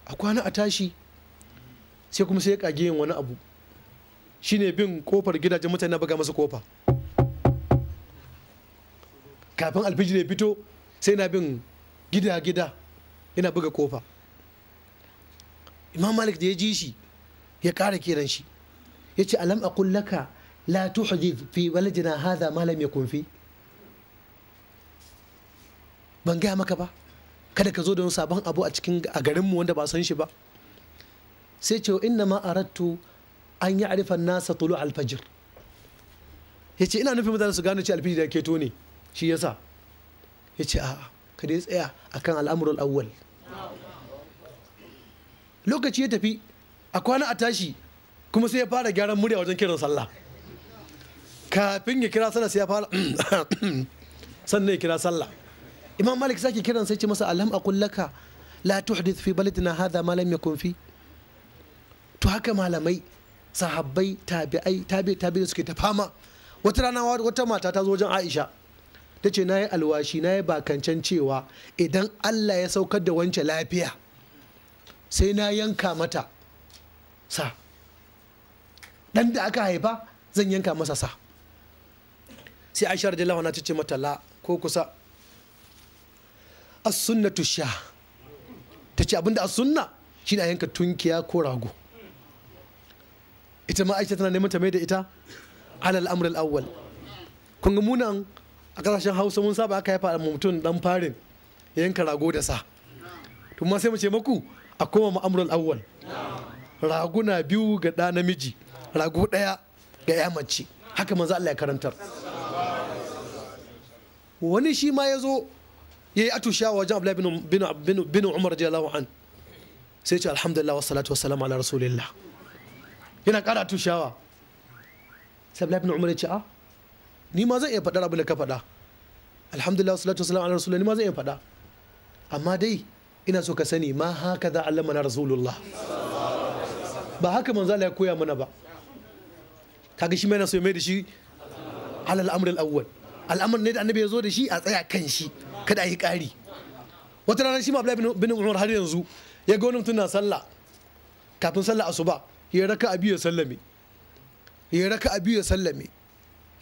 a kwana a tashi sai kuma sai ya yin wani abu shine bin kofar gidajen mutane na buga masa kofa kafin alfiji ya fito sai na bin gida-gida yana buga kofa imam malik da ya ji shi ya kara kiran shi ya ce alam a kullaka la tuhdith fi waladina hadha ma lam yakun fi ban gaya maka ba kada ka zo da sabon abu a cikin a garinmu wanda ba san shi ba sai ce inna ma arattu an yi arifan nasa tulu alfajir ya ce ina nufin mutane su gano ce alfijir da ke ne shi yasa ya ce a'a kada ya tsaya akan al'amuran awwal lokaci ya tafi a kwana a tashi kuma sai ya fara gyaran murya wajen kiran sallah kafin ya kira sallah sai ya fara sannan ya kira sallah imam malik sake kiran sai ce masa alham a kullaka. la tuhdith fi balidina hadha ma lam yakun fi to haka malamai sahabbai tabi'ai tabi tabi suke ta fama wata rana wata mata ta zo wajen aisha ta ce na yi alwashi na yi bakancan cewa idan allah ya saukar da wancan lafiya sai na yanka mata sa ɗan da aka haifa zan yanka masa sa sai aisha radiyallahu anha na mata la ko kusa as-sunnatu sha tace abinda as-sunna shine a yanka tunkiya ko rago ita ma aisha tana neman ta mai da ita alal amrul awwal kun ga munan a kasashen hausa mun saba aka haifa mutum dan farin ya yanka rago da sa to ma sai mu ce maku a koma mu amrul awwal raguna biyu ga ɗa namiji ragu ɗaya ga ya mace haka manzo Allah ya karantar wani shi ma ya zo ya yi atushawa wajen abdullahi bin umar jiya an sai ce alhamdulillah wa salatu wa salam ala rasulillah yana ƙara shawa sai abu bin umar ya ce a ah, ni ma zan iya faɗar abin da ka faɗa alhamdulillah wa salatu wa ala rasulillah ni ma zan iya faɗa amma dai ina so ka sani ma haka za a lamana rasulullah ba haka manzo Allah ya koya mana ba kaga shi mai na so mai da shi alal amr al-awwal al'amr ne da annabi ya zo da shi a tsaya kan shi kada a yi ƙari wata rana shi ma Abdullahi bin Umar har yanzu ya ga wani mutum na sallah kafin sallah asuba ya raka abi ya sallame ya raka abi ya sallame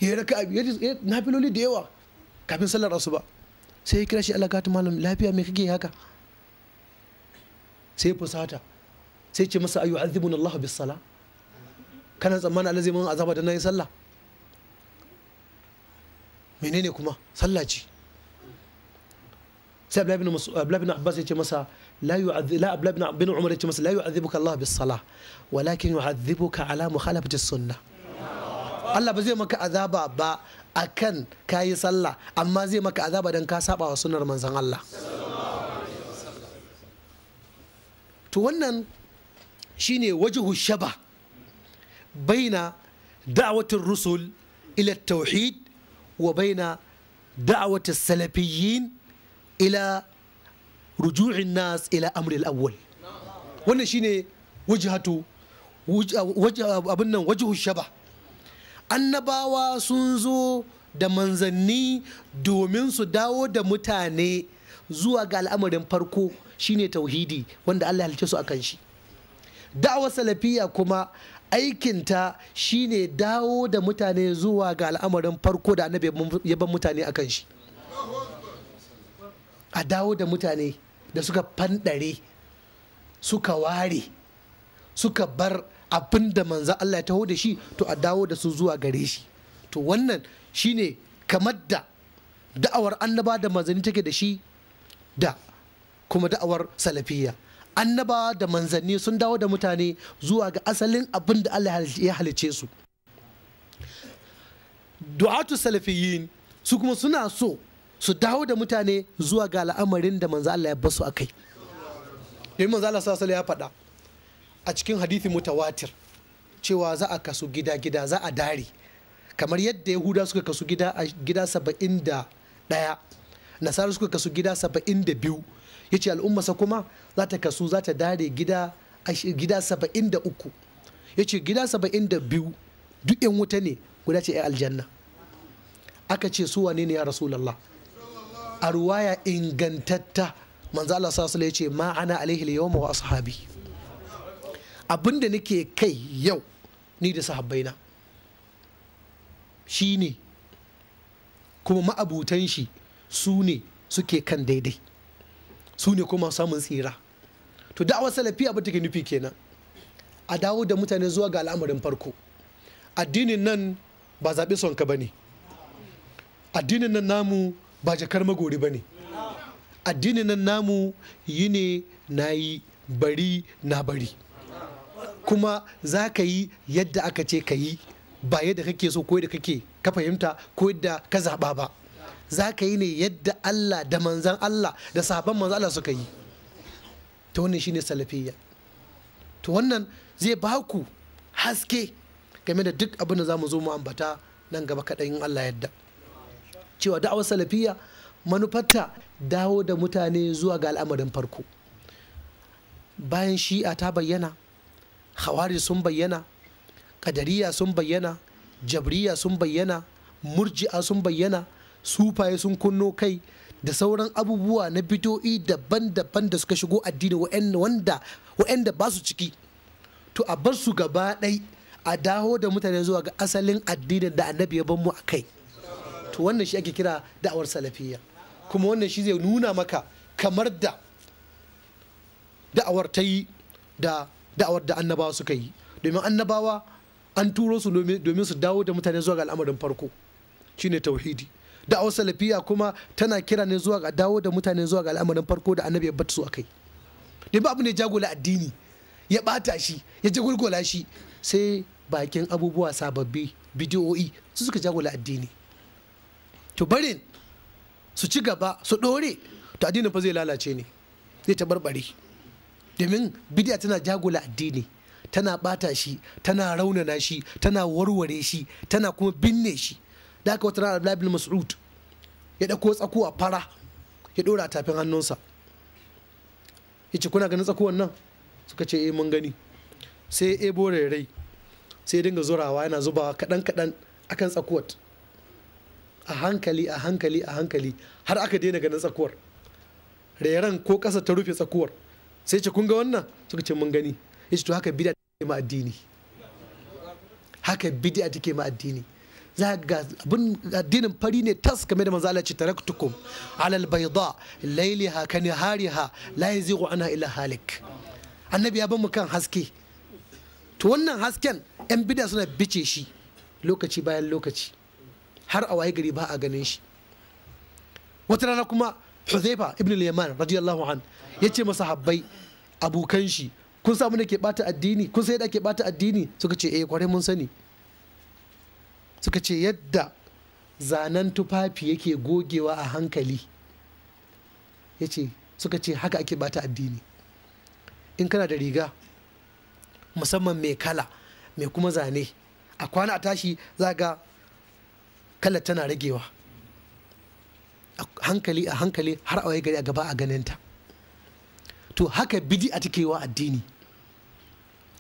ya raka abi ya filoli da yawa kafin sallar asuba sai ya kira shi Allah gata malam lafiya me kake haka sai ya fusata sai ce masa ayu azibun Allah bis sala kana tsammanin Allah zai mun azaba da nayi sallah menene kuma sallah ce sai Abdullah ibn Abbas ya ce masa la يعذب لا ابن بن عمر يتمس لا يعذبك الله بالصلاة ولكن يعذبك على مخالفة السنة Allah ba zai maka azaba ba akan kayi sallah amma zai maka azaba dan ka saba wa sunnar manzon Allah to wannan shine wajihu shaba baina da'watin rusul ila tauhid wa baina da'watin salafiyyin ila ruju'in nas ila amril awwal wannan shine wajhatu abin nan wajihu shaba annabawa sun zo da manzanni domin su dawo da mutane zuwa ga al'amarin farko shine tauhidi wanda Allah ya halice su akan shi da'awar salafiya kuma aikinta shine dawo da mutane zuwa ga al'amarin farko da annabi ya ban mutane a kan shi a dawo da mutane da suka fanɗare suka ware suka bar abin da manzo Allah ya taho da shi to a dawo da su zuwa gare shi to wannan shine kamar da da'awar annaba da manzanni take da shi da kuma da'awar salafiyya annaba da manzanni sun dawo da mutane zuwa ga asalin abin da Allah ya halice su du'atu salafiyin su kuma suna so su dawo da mutane zuwa ga al'amarin da manzo Allah ya basu akai dai manzo Allah sallallahu ya faɗa a cikin hadithi mutawatir cewa za a kasu gida gida za a dare kamar yadda yahuda suka kasu gida a gida saba'in da ɗaya nasara suka kasu gida saba'in da biyu ya ce kuma za ta kasu za ta dare gida gida saba'in da ya ce gida saba'in biyu duk yan wuta ne guda ce 'yan aljanna aka ce su wane ne ya lalla. a ruwaya ingantatta manzo Allah sallallahu ya ce ma ana alaihi yawma wa ashabi abinda nake kai yau ni da Shi ne kuma ma'abutan shi su ne suke kan daidai su ne kuma samun tsira to da'awar salafi abin take nufi kenan a dawo da mutane zuwa ga al'amarin farko addinin nan ba zaɓi sonka ba ne addinin nan namu ba jakar magori ba ne addinin nan namu yi ne na yi bari na bari kuma za ka yi yadda aka ce ka yi ba yadda kake so ko yadda kake ka fahimta ko yadda ka zaɓa ba za ka yi ne yadda allah da manzan allah da sabon manzan allah suka yi ta wannan shine salafiyya to wannan zai ba ku haske game da duk abin da za mu zo mu ambata nan gaba kaɗan in Allah yadda cewa da'awar salafiyya manufarta dawo da mutane zuwa ga al'amarin farko bayan shi'a ta bayyana hawari sun bayyana kadariya sun bayyana jabriya sun bayyana murji'a sun bayyana sufaye sun kunno kai da sauran abubuwa na bidoi daban-daban da suka shigo addini wa'anda wa'anda ba su ciki to a bar su gaba ɗai a dawo da mutane zuwa ga asalin addinin da annabi ya ban mu a kai to wannan shi ake kira da'awar salafiyya kuma wannan shi zai nuna maka kamar da da'awar ta yi da da'awar da annabawa suka yi domin annabawa an turo su domin su dawo da mutane zuwa ga al'amarin farko shine tauhidi da'awar salafiya kuma tana kira ne zuwa ga dawo da mutane zuwa ga al'amarin farko da annabi ya bata su akai da ba abu ne jagola addini ya bata shi ya jagulgula shi sai bakin abubuwa sababbi bidiyo'i su suka jagola addini to barin su ci gaba su dore to addinin fa zai lalace ne zai tabarbare domin bidiya tana jagola addini tana bata shi tana raunana shi tana warware shi tana kuma binne shi da aka wata rana Abdullahi bin Mas'ud ya dauko tsakuwa fara ya dora a tafin hannunsa Ya ce kuna ganin tsakuwan nan suka ce eh mun gani sai ya ebo rairai sai ya dinga zurawa yana zubawa kadan kadan akan tsakuwar a hankali a hankali a hankali har aka daina ganin tsakuwar rairan ko ƙasa ta rufe tsakuwar sai ce kun ga wannan suka ce mun gani ya ce to haka bida take ma addini haka bida take ma addini za ga abin addinin fari ne tas game da manzala ce taraktukum alal bayda layliha kan hariha la yazigu anha illa halik annabi ya mu kan haske to wannan hasken yan bida suna bice shi lokaci bayan lokaci har a waye gari ba a ganin shi wata rana kuma Huzaifa ibn al-Yaman radiyallahu an yace masa habbai abokan shi kun samu da ke bata addini kun sai da ke bata addini suka ce eh kwarai mun sani suka ce yadda zanen tufafi yake gogewa a hankali ya ce suka ce haka ake bata addini in kana da riga musamman mai kala mai kuma zane a kwana a tashi za ga kala tana ragewa a hankali a hankali har a gari a gaba a ganinta to haka bidi a take wa addini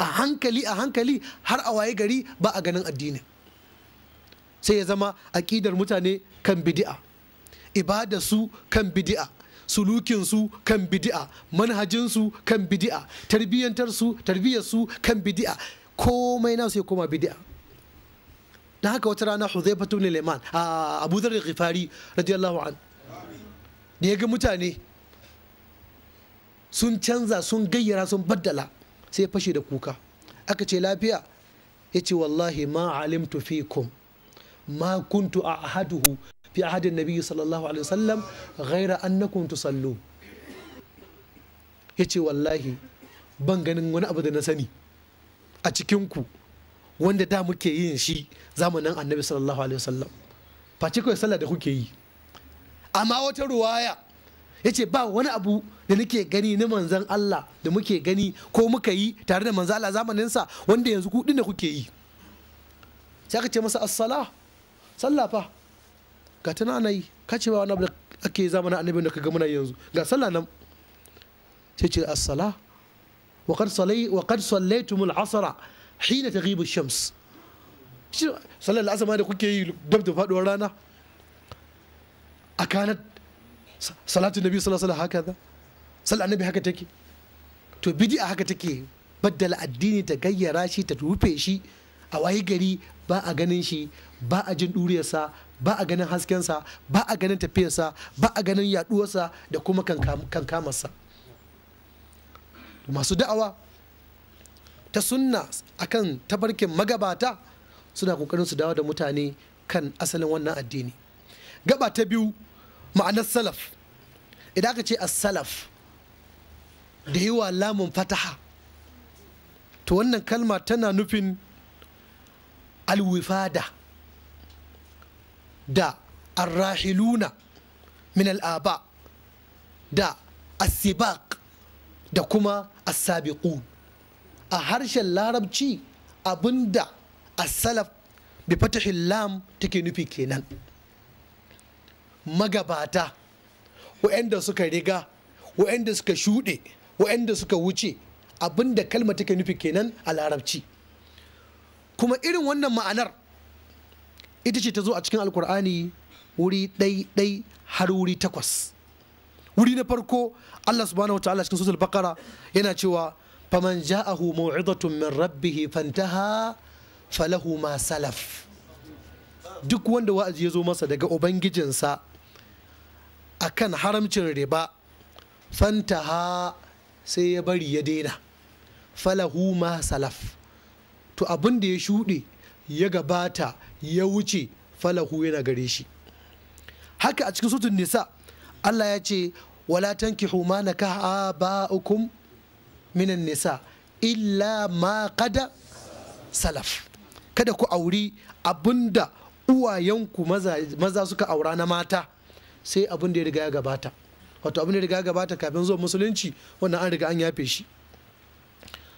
a hankali a hankali har a waye gari ba a ganin addinin sai ya zama aƙidar mutane kan bidi'a ibada su kan bidi'a sulukin su kan bidi'a manhajin su kan bidi'a tarbiyyantar su tarbiyyar su kan bidi'a komai na ya koma bidi'a dan haka wata rana Hudhaifatu ibn Liman a Abu Dharr Ghifari radiyallahu an da ya ga mutane sun canza sun gayyara sun baddala sai ya fashe da kuka aka ce lafiya ya ce wallahi ma alimtu fikum ma kuntu a ahaduhu fi ahadin nabi sallallahu alaihi wasallam ghaira annakum tusallu yace wallahi ban ganin wani abu da na sani a cikin ku wanda da muke yin shi zamanin annabi sallallahu alaihi wasallam face kawai sallah da kuke yi amma wata ruwaya yace ba wani abu da nake gani na manzan Allah da muke gani ko muka yi tare da manzan Allah zamaninsa wanda yanzu kuɗin da kuke yi sai aka ce masa assala sallah fa ga tana ana yi kace wani abu da ake zamanin annabi da kaga muna yanzu ga sallah nan sai ce as wa qad sallai wa qad sallaitum al hina ta ash-shams sallar al da kuke yi dab da faduwar rana kanar salatu nabi sallallahu alaihi haka hakaza sallar annabi haka take to a haka take baddala addini ta gayyara shi ta rufe shi a wayi gari ba a ganin shi ba a jin ɗuriyarsa ba a ganin haskensa ba a ganin tafiyarsa ba a ganin yaɗuwarsa da kuma kankamarsa masu da'awa ta sunna akan tabarkin magabata suna ƙoƙarin su dawo da mutane kan asalin wannan addini gaba ta biyu ma'anar salaf idan aka ce as-salaf da yi wa lamun fataha to wannan kalma tana nufin alwifada da arrahiluna min al'aba da asibak da kuma asabiku a harshen larabci abinda asalaf bi fatahin lam take nufi kenan magabata wa'anda suka riga wa'anda suka shuɗe wa'anda suka wuce abinda kalma take nufi kenan a larabci kuma irin wannan ma'anar ita ce ta zo a cikin alkur'ani wuri ɗai har wuri takwas wuri na farko Allah subhanahu ta'ala cikin suratul baqara yana cewa faman ja'ahu maw'izatun min rabbihi fantaha falahu ma salaf duk wanda wa'azi ya zo masa daga ubangijinsa akan haramcin riba fantaha sai ya bari ya daina falahu ma salaf to abin da ya shuɗe ya gabata ya wuce falahu yana gare shi haka a cikin sutun nisa Allah ya ce wala tankihu ma nakaha ba'ukum minan nisa illa ma kada salaf kada ku auri abinda uwayenku maza suka aura na mata sai abin da ya riga ya gabata wato abin ya riga ya gabata kafin zuwa musulunci wannan an riga an yafe shi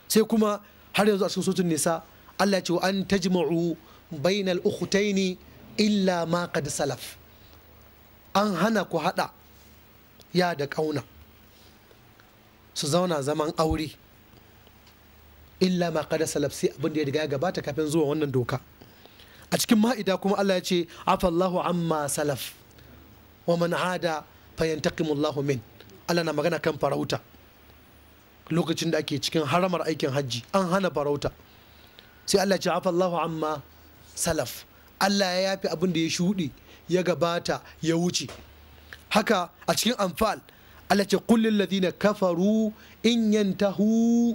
sai kuma har yanzu a cikin sutun nisa Allah ya ce wa an tajma'u bainal ukhtaini illa ma qad salaf an hana ku hada ya da kauna su zauna zaman aure illa ma qad salaf sai abin da ya riga ya gabata kafin zuwa wannan doka a cikin ma'ida kuma Allah ya ce afallahu amma salaf wa man ada fayantaqimullahu min Allah na magana kan farauta lokacin da ake cikin haramar aikin hajji an hana farauta sai Allah ya ce afallahu amma salaf Allah ya yafi abin da ya shuɗe ya gabata ya wuce haka a cikin amfal Allah ce kullin ladina kafaru in yantahu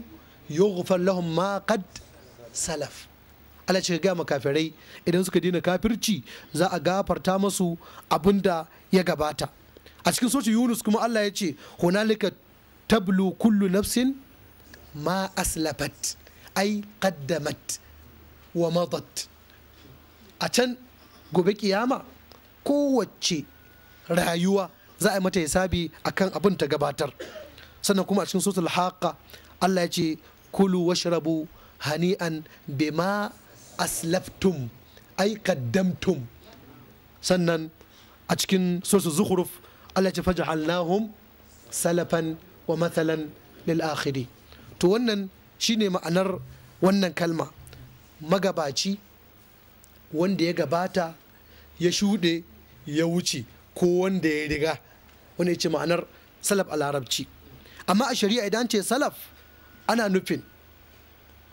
yughfar lahum ma qad salaf Allah ce ga makafirai idan suka dina kafirci za a gafarta masu abin da ya gabata a cikin soci Yunus kuma Allah ya ce hunalika tablu kullu nafsin ma aslafat ai qaddamat wa madat a can gobe kiyama kowace rayuwa za a yi mata hisabi akan abin ta gabatar sannan kuma a cikin suratul haka Allah ya ce kulu washrabu hani'an bima aslaftum ai kaddamtum sannan a cikin suratul zuhruf Allah ya ce faj'alnahum salafan wa mathalan lil to wannan shine ma'anar wannan kalma magabaci wanda ya gabata ya shuɗe ya wuce ko wanda ya riga wani ce ma'anar salaf a larabci amma a shari'a idan ce salaf ana nufin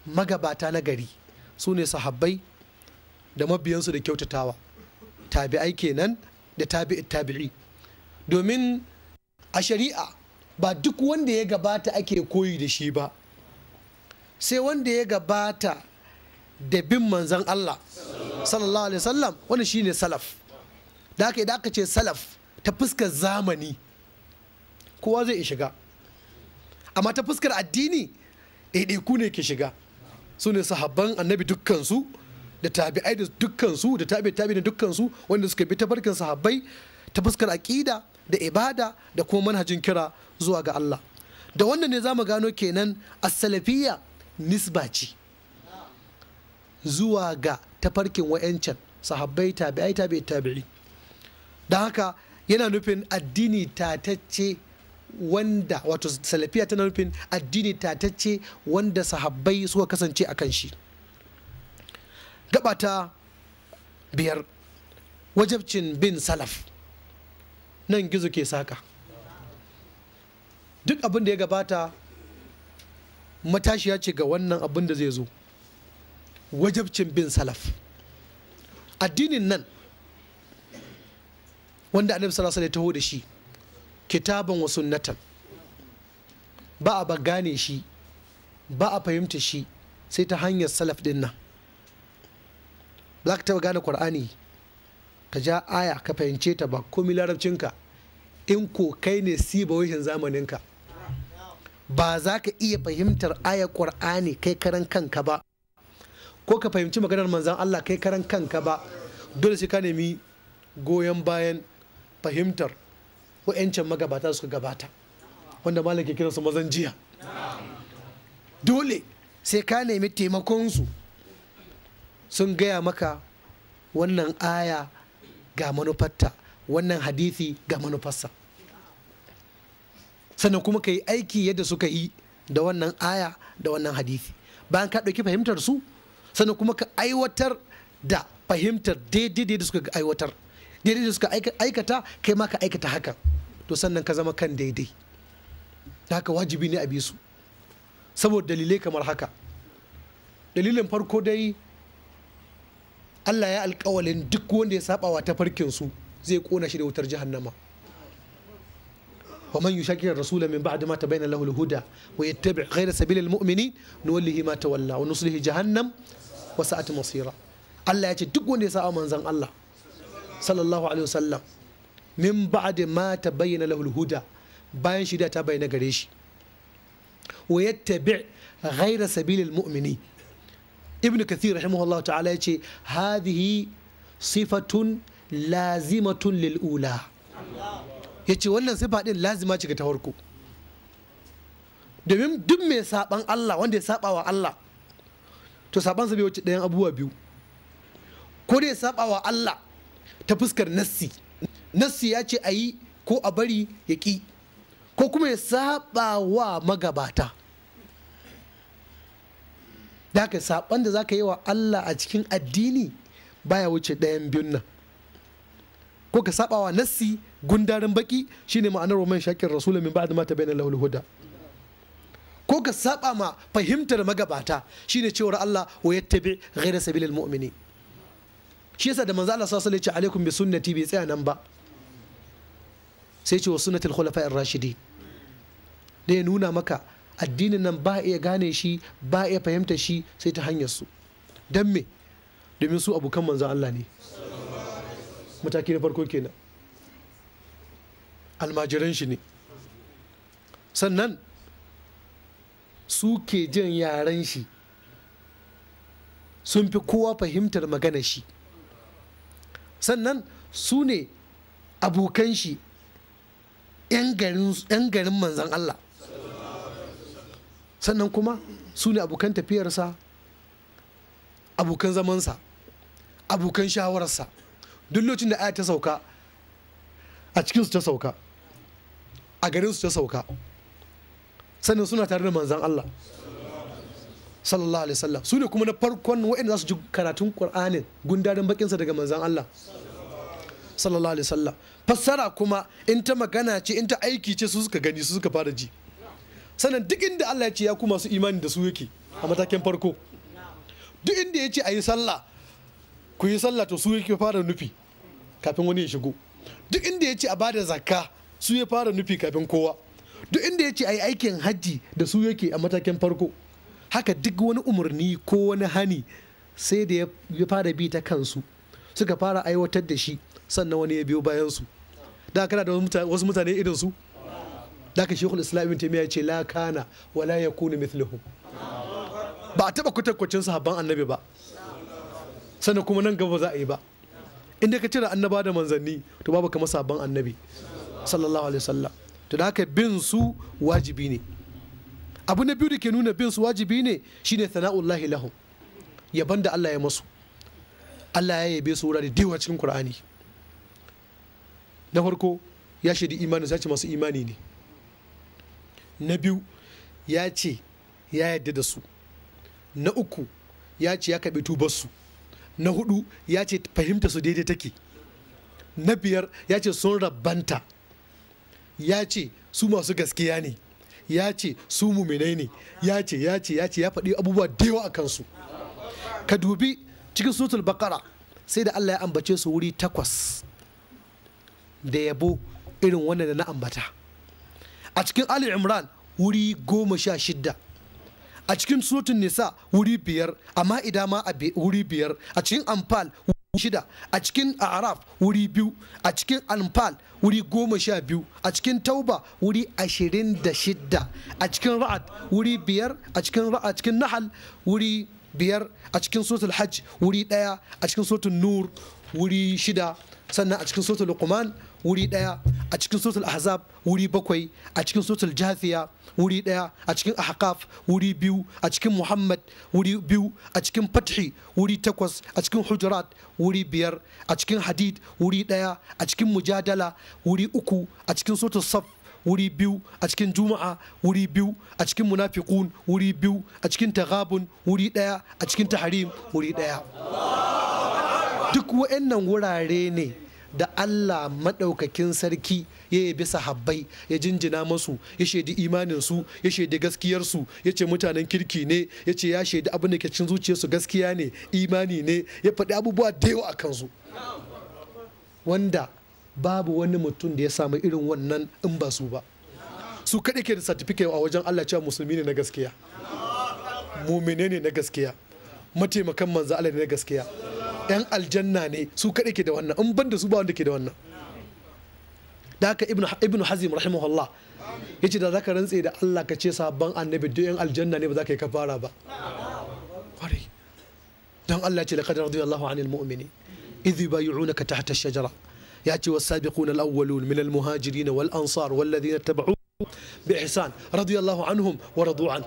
magabata na gari su ne sahabbai da mabiyansu da kyautatawa tabi'ai kenan da tabi'i tabi'i domin a shari'a ba duk wanda ya gabata ake koyi da shi ba sai wanda ya gabata da bin manzan Allah sallallahu alaihi wasallam wannan shine salaf da aka idan aka ce salaf ta fuskar zamani kowa zai shiga amma ta fuskar addini ɗaiɗaiku ne ke shiga su ne sahabban annabi dukkansu da tabi'ai da dukkansu da tabi tabi da dukkansu wanda suka bi tabarkin sahabbai ta fuskar aƙida da ibada da kuma manhajin kira zuwa ga Allah da wannan ne za mu gano kenan as-salafiyya nisba ce zuwa ga tafarkin wa'yancan sahabbai tabi'ai tabi'i tabi'i don haka yana nufin addini tatacce wanda wato salafiya tana nufin addini ta tatacce wanda sahabbai suka kasance a kan shi gaba biyar wajabcin bin salaf nan gizo ke saka duk abin da ya gabata matashiya ce ga wannan abin da zai zo wajabcin bin salaf addinin nan wanda annabi sallallahu alaihi taho da shi kitaban wa sunnatan ba a gane shi ba a fahimta shi sai ta hanyar salaf din nan za ka gane qur'ani ka ja aya ka fahimce ta ba komi larabcinka in ko kai ne si ba zamanin zamaninka ba za ka iya fahimtar aya ƙur'ani kai karan kanka ba ko ka fahimci maganar manzan Allah kai karan kanka ba dole sai ka nemi goyon bayan fahimtar wa'yancan magabata suka gabata wanda malam ke kiransu mazan jiya dole sai ka nemi taimakonsu sun gaya maka wannan aya ga manufarta wannan hadithi ga manufarsa sannan kuma ka yi aiki yadda suka yi da wannan aya da wannan hadithi bayan ka ɗauki fahimtar su sannan kuma ka aiwatar da fahimtar daidai da suka aiwatar daidai da suka aikata kai ma ka aikata haka to sannan ka zama kan daidai haka wajibi ne a bi su saboda dalilai kamar haka dalilin farko dai Allah ya alkawalin duk wanda ya saba wa tafarkinsu zai kona shi da wutar jahannama ومن يشاكر الرسول من بعد ما تبين له الهدى ويتبع غير سبيل المؤمنين نوله ما تولى ونصله جهنم Wasu ati masira Allah ya ce duk wanda ya sa'a manzon Allah sallallahu alaihi wasallam min ba'da ma tabayyana lahul huda bayan shida ta bayyana gare shi wa yattabi ghaira sabilil mu'mini ibnu kathir rahimahullahu ta'ala ya ce hadhihi sifatun lazimatun lil ula ya ce wannan sifa din lazima ce ga ta farko domin duk mai saban Allah wanda ya saba wa Allah to sabansa bai wuce ɗayan abubuwa biyu ko dai saba wa Allah ta fuskar nassi nassi ya ce a yi ko a bari ya ƙi ko kuma ya saba wa magabata da haka saban da za ka yi wa Allah a cikin addini baya wuce ɗayan biyun nan ko ka saba wa nassi gundarin baki shine ma'anar wa man shakir rasulun min ba'd ma bayyana lahu huda ko ka saba ma fahimtar magabata shine cewar Allah wa yattabi ghayra sabilil mu'mini shi yasa da manzo Allah sallallahu alaihi ya ce alaikum bi sunnati bai tsaya nan ba sai ce wa khulafa khulafa'ir rashidi da ya nuna maka addinin nan ba iya gane shi ba iya fahimta shi sai ta hanyar su dan me domin su abokan manzon Allah ne mataki na farko kenan almajiran shi ne sannan su ke jin yaren shi sun fi kowa fahimtar magana shi sannan su ne abokan shi 'yan garin manzan Allah sannan kuma su ne abokan tafiyarsa abokan zamansa abokan shawararsa duk lokacin da aya ta sauka a cikinsu ta sauka a garinsu ta sauka sannan suna tare da manzan Allah sallallahu alaihi wasallam su ne kuma na farkon waɗanda za su ji karatun Qur'anin gundarin bakinsa daga manzan Allah sallallahu alaihi wasallam fassara kuma in ta magana ce in ta aiki ce su suka gani su suka fara ji sannan duk inda Allah ya ce ya ku masu imani da su yake a matakin farko duk inda ya ce a yi sallah ku yi sallah to su yake fara nufi kafin wani ya shigo duk inda ya ce a bada zakka su ya fara nufi kafin kowa duk inda ya ce a yi aikin hajji da su yake a matakin farko haka duk wani umarni ko wani hani sai da ya fara bi ta kansu suka fara aiwatar da shi sannan wani ya biyo bayansu da kana da wasu mutane irin su da ka shekul islam ibn taymiya ce la kana wala yakunu mithluhum ba a taba kwatankwacin sahabban annabi ba sannan kuma nan gaba za a yi ba inda ka cire annaba da manzanni to babu kamar sabon annabi sallallahu alaihi wasallam to da haka bin su wajibi ne abu na biyu da ke nuna bin su wajibi ne shine sana'ullahi lahum yaban da Allah ya masu Allah ya yabe su wurare da cikin Kur'ani. na farko ya shaidi imani ce masu imani ne na biyu ya ce ya yadda da su na uku ya ce ya tubar tubarsu na hudu ya ce fahimta su daidai take na biyar ya ce sun rabanta. ya ce su masu gaskiya ne ya ce su muminai ne ya ce ya ce ya ce ya faɗi abubuwa da yawa a kansu ka dubi cikin sutul bakara sai da Allah ya ambace su wuri takwas da yabo irin wannan da na ambata a cikin ali imran wuri goma sha shidda a cikin sutun nisa wuri biyar amma idama a wuri biyar a cikin amfal shida a cikin araf wuri biyu a cikin anfal wuri goma sha biyu a cikin tauba wuri ashirin da shida a cikin ra'ad wuri biyar a cikin a cikin nahal wuri biyar a cikin sotul hajj wuri daya a cikin sotul nur wuri shida sannan a cikin sotul luqman wuri daya a cikin suratul ahzab wuri bakwai a cikin suratul jafiya wuri daya a cikin ahqaf wuri biyu a cikin muhammad wuri biyu a cikin fathi wuri takwas a cikin hujurat wuri biyar a cikin hadid wuri daya a cikin mujadala wuri uku a cikin suratul saf wuri biyu a cikin juma'a wuri biyu a cikin munafiqun wuri biyu a cikin taghabun wuri daya a cikin tahrim wuri daya duk wa'annan wurare ne da Allah maɗaukakin sarki ya bisa sahabbai ya jinjina masu ya shaidi imaninsu ya shaidi gaskiyarsu ya ce mutanen kirki ne ya ce ya shaidi abin da ke cin zuciyarsu gaskiya ne imani ne ya faɗi abubuwa da yawa a kansu wanda babu wani mutum da ya samu irin wannan in ba su ba su kaɗai ke da certificate a wajen Allah cewa musulmi ne na gaskiya mumine ne na gaskiya mataimakan manzo Allah ne na gaskiya yan aljanna ne su kaɗai ke da wannan in ban su ba wanda ke da wannan da haka ibnu hazim rahimahullah ya ce da za ka rantse da allah ka ce sabon annabi duk yan aljanna ne ba za ka yi fara ba kwarai don allah ce da kadar radiyallahu anil mu'mini idh yubayyi'unaka tahta ash-shajara ya ce was-sabiquna al-awwalun min al-muhajirin wal-ansar wal-ladhina tabi'u bi ihsan radiyallahu anhum wa radu'an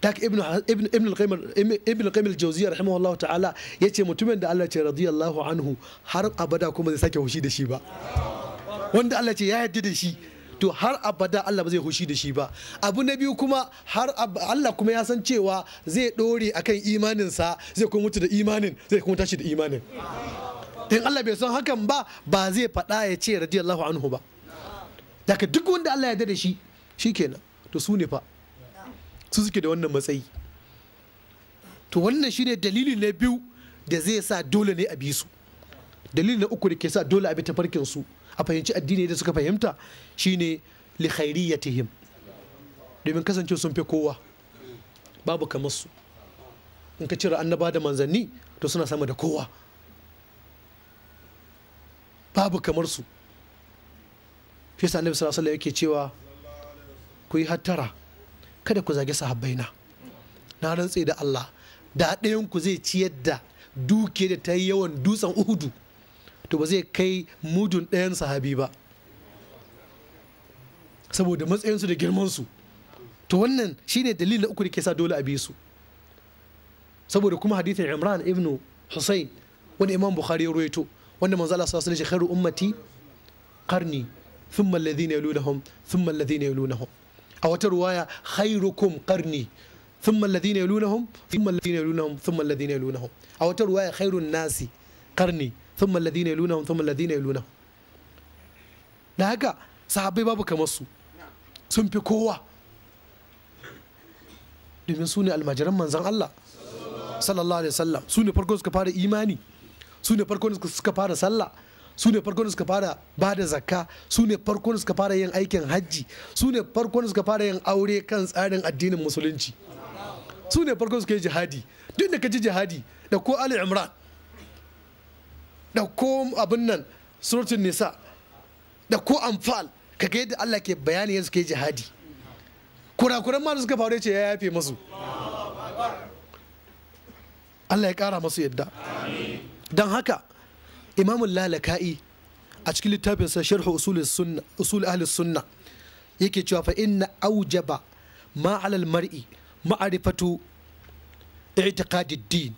ta ibn ibn ibn al-qayyim al-jawziyya rahimahullahu ta'ala yace mutumin da Allah ya ce radiyallahu anhu har abada kuma zai sake hushi da shi ba wanda Allah ya ce ya yarda da shi to har abada Allah ba zai hushi da shi ba abu na biyu kuma har Allah kuma ya san cewa zai dore akan imaninsa zai kuma mutu da imanin zai kuma tashi da imanin dan Allah bai san hakan ba ba zai faɗa ya ce radiyallahu anhu ba daga duk wanda Allah ya yarda da shi shikenan to su fa su suke da wannan matsayi to wannan shine dalili na biyu da zai sa dole ne a bi su dalili na uku da ke sa dole a bi tafarkin su a fahimci addini da suka fahimta shine li khairiyatihim domin kasance sun fi kowa babu kamar su in ka cire annaba da manzanni to suna sama da kowa babu kamar su fi sa annabi sallallahu alaihi wasallam yake cewa ku yi hattara kada ku zage sahabbaina na rantse da Allah da ɗayan ku zai ciyar da duke da ta yi yawan dutsen uhudu to ba zai kai mudun ɗayan sahabi ba saboda matsayinsu da girmansu to wannan shine dalilin uku da ke sa dole a bi su saboda kuma hadithin imran ibn Husayn wani imam bukhari ya ruwaito wanda manzo Allah sallallahu alaihi wasallam ya khairu ummati qarni thumma alladhina yalunahum thumma alladhina yalunahum a wata ruwaya khairukum qarni thumma alladhina yalunahum thumma alladhina yalunahum thumma alladhina yalunahum a wata ruwaya khairun nasi qarni thumma alladhina yalunahum thumma alladhina yalunahum da haka sahabbai babu kamar su sun fi kowa domin su ne almajiran manzan Allah sallallahu alaihi wasallam su ne farko suka fara imani su ne farko suka fara sallah su ne farko da suka fara ba da zakka su ne farko da suka fara yin aikin hajji su ne farko da suka fara yin aure kan tsarin addinin musulunci su ne farko suka yi jihadi duk da ka ji jihadi da ko ali imran da ko abin nan surutun nisa da ko amfal ka ga yadda allah ke bayani yadda suka yi jihadi kurakuran ma da suka faru ce ya yafe masu allah ya kara masu yadda don haka imamun lalaka'i a cikin littafinsa sharhu usul ahli sunna yake cewa fa inna aujaba ma alal mar'i ma'rifatu i'tiqadid din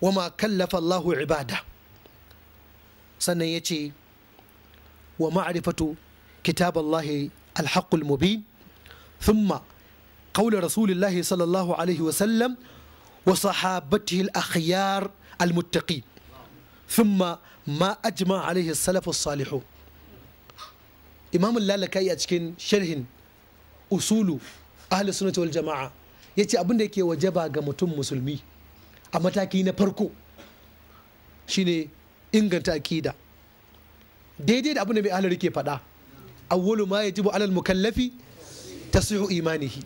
wa ma kallafa Allahu ibada sannan yace wa ma'rifatu kitab Allah al-haqq al-mubin thumma قول رسول الله صلى الله عليه وسلم وصحابته الأخيار المتقين ثم ma ajma alaihi salafu salihu imamun lalakai a cikin sharhin usulu ahli sunnati wal jama'a yace abin da yake wajaba ga mutum musulmi a mataki na farko shine inganta akida daidai da abin da mai ahli rike faɗa awwalu ma yajibu alal mukallafi tasihu imanihi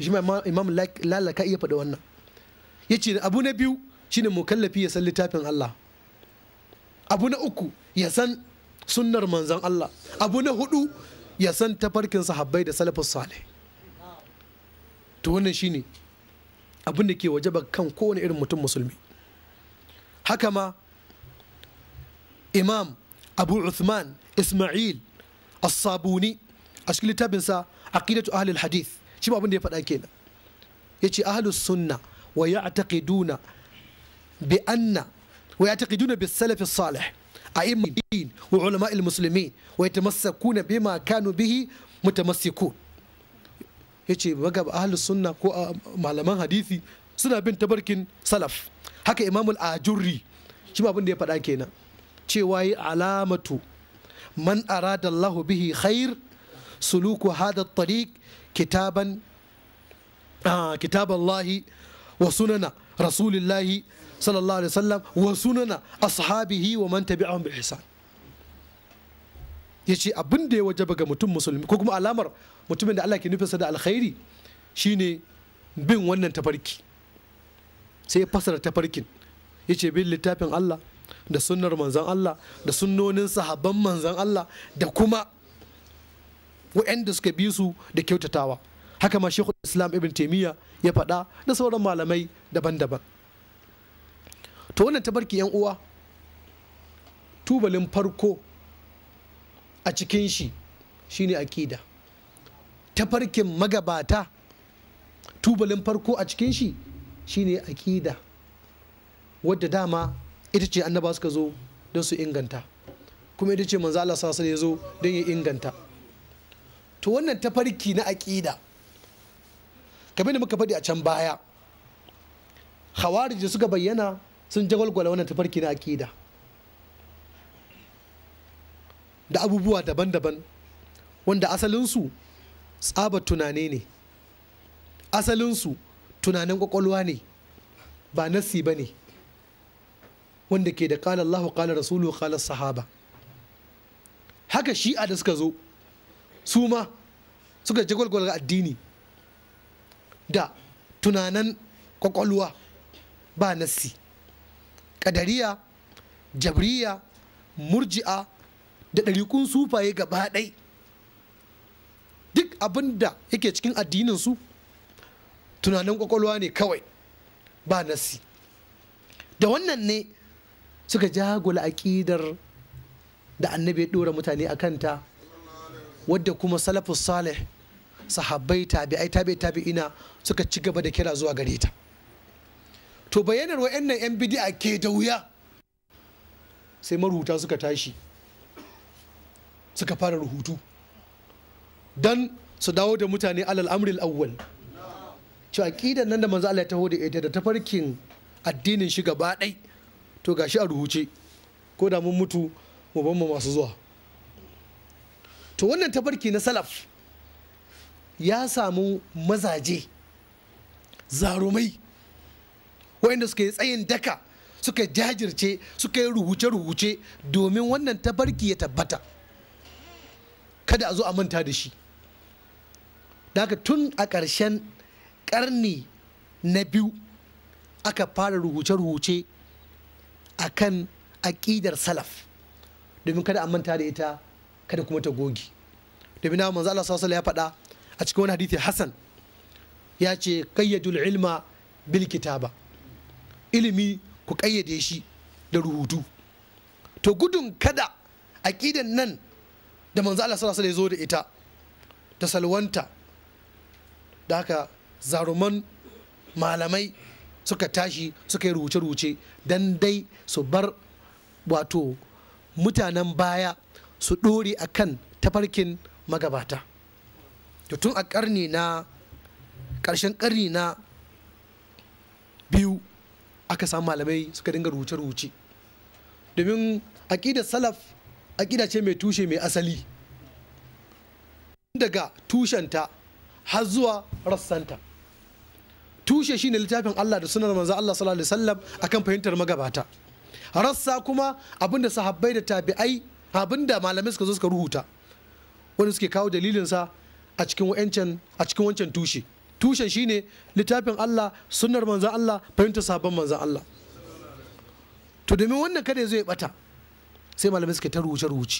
shi imam lalaka iya faɗa wannan yace abu na biyu shine mukallafi ya san littafin Allah abu na uku ya san sunnar manzan Allah abu na hudu ya san tafarkin sahabbai da salafus salih to wannan shine abin da ke wajaba kan kowane irin mutum musulmi haka ma imam abu uthman ismail Asabuni, a cikin littafinsa aqidatu ahlul hadith shi ba abin da ya faɗa kenan yace ahlus sunna wa ya'taqiduna bi anna ويعتقدون بالسلف الصالح أئمة الدين وعلماء المسلمين ويتمسكون بما كانوا به متمسكون yace ba ahlus sunna ko malaman hadisi suna bin tabarkin salaf haka imamul ajurri shi ma abin da ya faɗa kenan cewa yi alamatu man arada Allahu bihi khair suluku hada tariq kitaban kitab Allah wa sunana rasulillahi sallallahu alaihi wasallam wa sunana ashabihi wa man tabi'ahum bi ihsan yace abin da ya wajaba ga mutum musulmi ko kuma alamar mutumin da Allah ke nufinsa da alkhairi shine bin wannan tafarki sai ya fasara tafarkin yace bin littafin Allah da sunnar manzan Allah da sunnonin sahabban manzan Allah da kuma wa'anda suka bi su da kyautatawa haka ma shekul islam ibn taimiyya ya faɗa da sauran malamai daban-daban to wannan ta barki yan uwa tubalin farko a cikin shi shine akida farkin magabata tubalin farko a cikin shi shine akida wadda dama ita ce annaba suka zo don su inganta kuma ita ce manzo Allah sallallahu ya zo don ya inganta to wannan ta farki na aƙida kamar da muka faɗi a can baya khawarij da suka bayyana sun jagwalgwala wannan tafarki na akida da abubuwa daban-daban wanda asalinsu tsaba tunane ne asalinsu tunanin kwakwalwa ne ba nasi ba ne wanda ke da kala Allahu kala rasulu kala sahaba haka shi'a da suka zo su ma suka jagwalgwala addini da tunanan kwakwalwa ba nasi kadariya jabriya murji'a da ɗariƙun sufaye gaba ɗai duk abin da yake cikin addinin tunanin kwakwalwa ne kawai ba nasi da wannan ne suka jagula aƙidar da annabi ya ɗora mutane a kanta wadda kuma salafus salih sahabbai tabi'ai tabi'ai tabi'ina suka ci gaba da kira zuwa gare ta to bayanar wa'annan 'yan bidi'a ke da wuya sai marubuta suka tashi suka fara rubutu don su dawo da mutane alal amril awwal ci aƙidar nan da manzo Allah ya taho da ita da tafarkin addinin shi gaba ɗai to gashi a rubuce ko da mun mutu mu ban mu masu zuwa to wannan tafarki na salaf ya samu mazaje zarumai wanda suka yi tsayin daka suka jajirce suka yi rubuce-rubuce domin wannan tabarki ya tabbata kada a zo a manta da shi daga tun a ƙarshen ƙarni na biyu aka fara rubuce-rubuce a kan aƙidar salaf domin kada a manta da ita kada kuma ta goge domin na manzo Allah sallallahu ya faɗa a cikin wani hadithi Hassan ya ce kayyadul ilma bil kitaba ilimi ku ƙayyade shi da rubutu to gudun kada aƙidan nan da manzo Allah sallallahu alaihi zo da ita ta salwanta da haka zaruman malamai suka tashi suka yi rubuce-rubuce don dai su bar wato mutanen baya su ɗore a kan tafarkin magabata to tun a ƙarni na ƙarshen ƙarni na biyu aka samu malamai suka dinga rubuce-rubuce domin aƙidar salaf aƙida ce mai tushe mai asali daga tushenta har zuwa rassanta tushe shine littafin Allah da sunan manzo Allah sallallahu alaihi wasallam akan fahimtar magabata rassa kuma abinda sahabbai da tabi'ai abinda malamai suka zo suka rubuta wanda suke kawo dalilin sa a cikin wancan a cikin wancan tushe tushen shine littafin Allah sunnar manzan Allah fahimta sabon manzan Allah to domin wannan kada ya zo ya bata sai malamai suka ta rubuce rubuce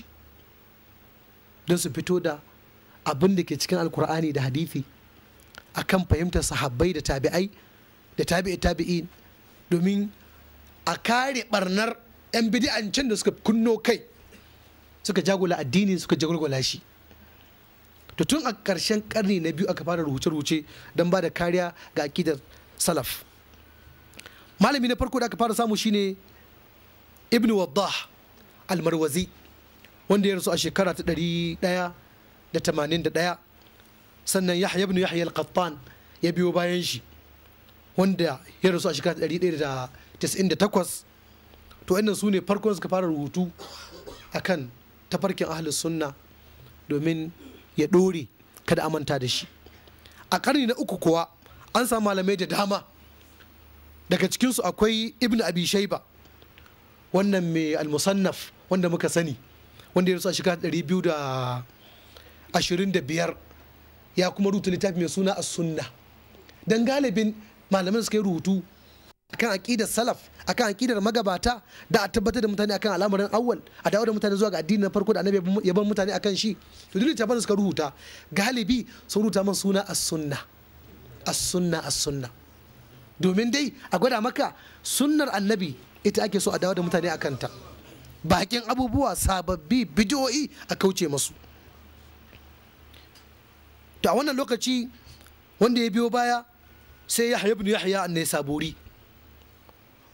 don su fito da abin da ke cikin alkur'ani da hadithi akan fahimtar sahabbai da tabi'ai da tabi'i tabi'in domin a kare barnar 'yan bidi'ancin da suka kunno kai suka jagula addini suka jagula shi to tun a karshen karni na biyu aka fara rubuce-rubuce don ba da kariya ga akidar salaf malami na farko da aka fara samu shine ibn waddah almarwazi wanda ya rasu a shekara ta ɗari daya da tamanin da daya sannan yahya ibn yahya al-qattan ya biyo bayan shi wanda ya rasu a shekara ta ɗari daya da da takwas to wannan su ne farkon suka fara rubutu akan tafarkin ahlus sunna domin ya ɗore kada a manta da shi a ƙarni na uku kuwa an samu malamai da dama daga cikinsu akwai ibn abi shaiba wannan mai almusannaf wanda muka sani wanda ya rasu a shekara 225 ya kuma rubuta littafi mai suna a sunna Don galibin malaman suka yi rubutu akan aqidar salaf akan aqidar magabata da a tabbatar da mutane akan al'amarin awwal a dawo da mutane zuwa ga addini na farko da annabi ya bar mutane akan shi to ta bar suka rubuta galibi sun rubuta man suna as-sunna as-sunna as-sunna domin dai a gwada maka sunnar annabi ita ake so a dawo da mutane akan ta bakin abubuwa sababbi bid'oi a kauce masu to a wannan lokaci wanda ya biyo baya sai yahya ibn yahya an saburi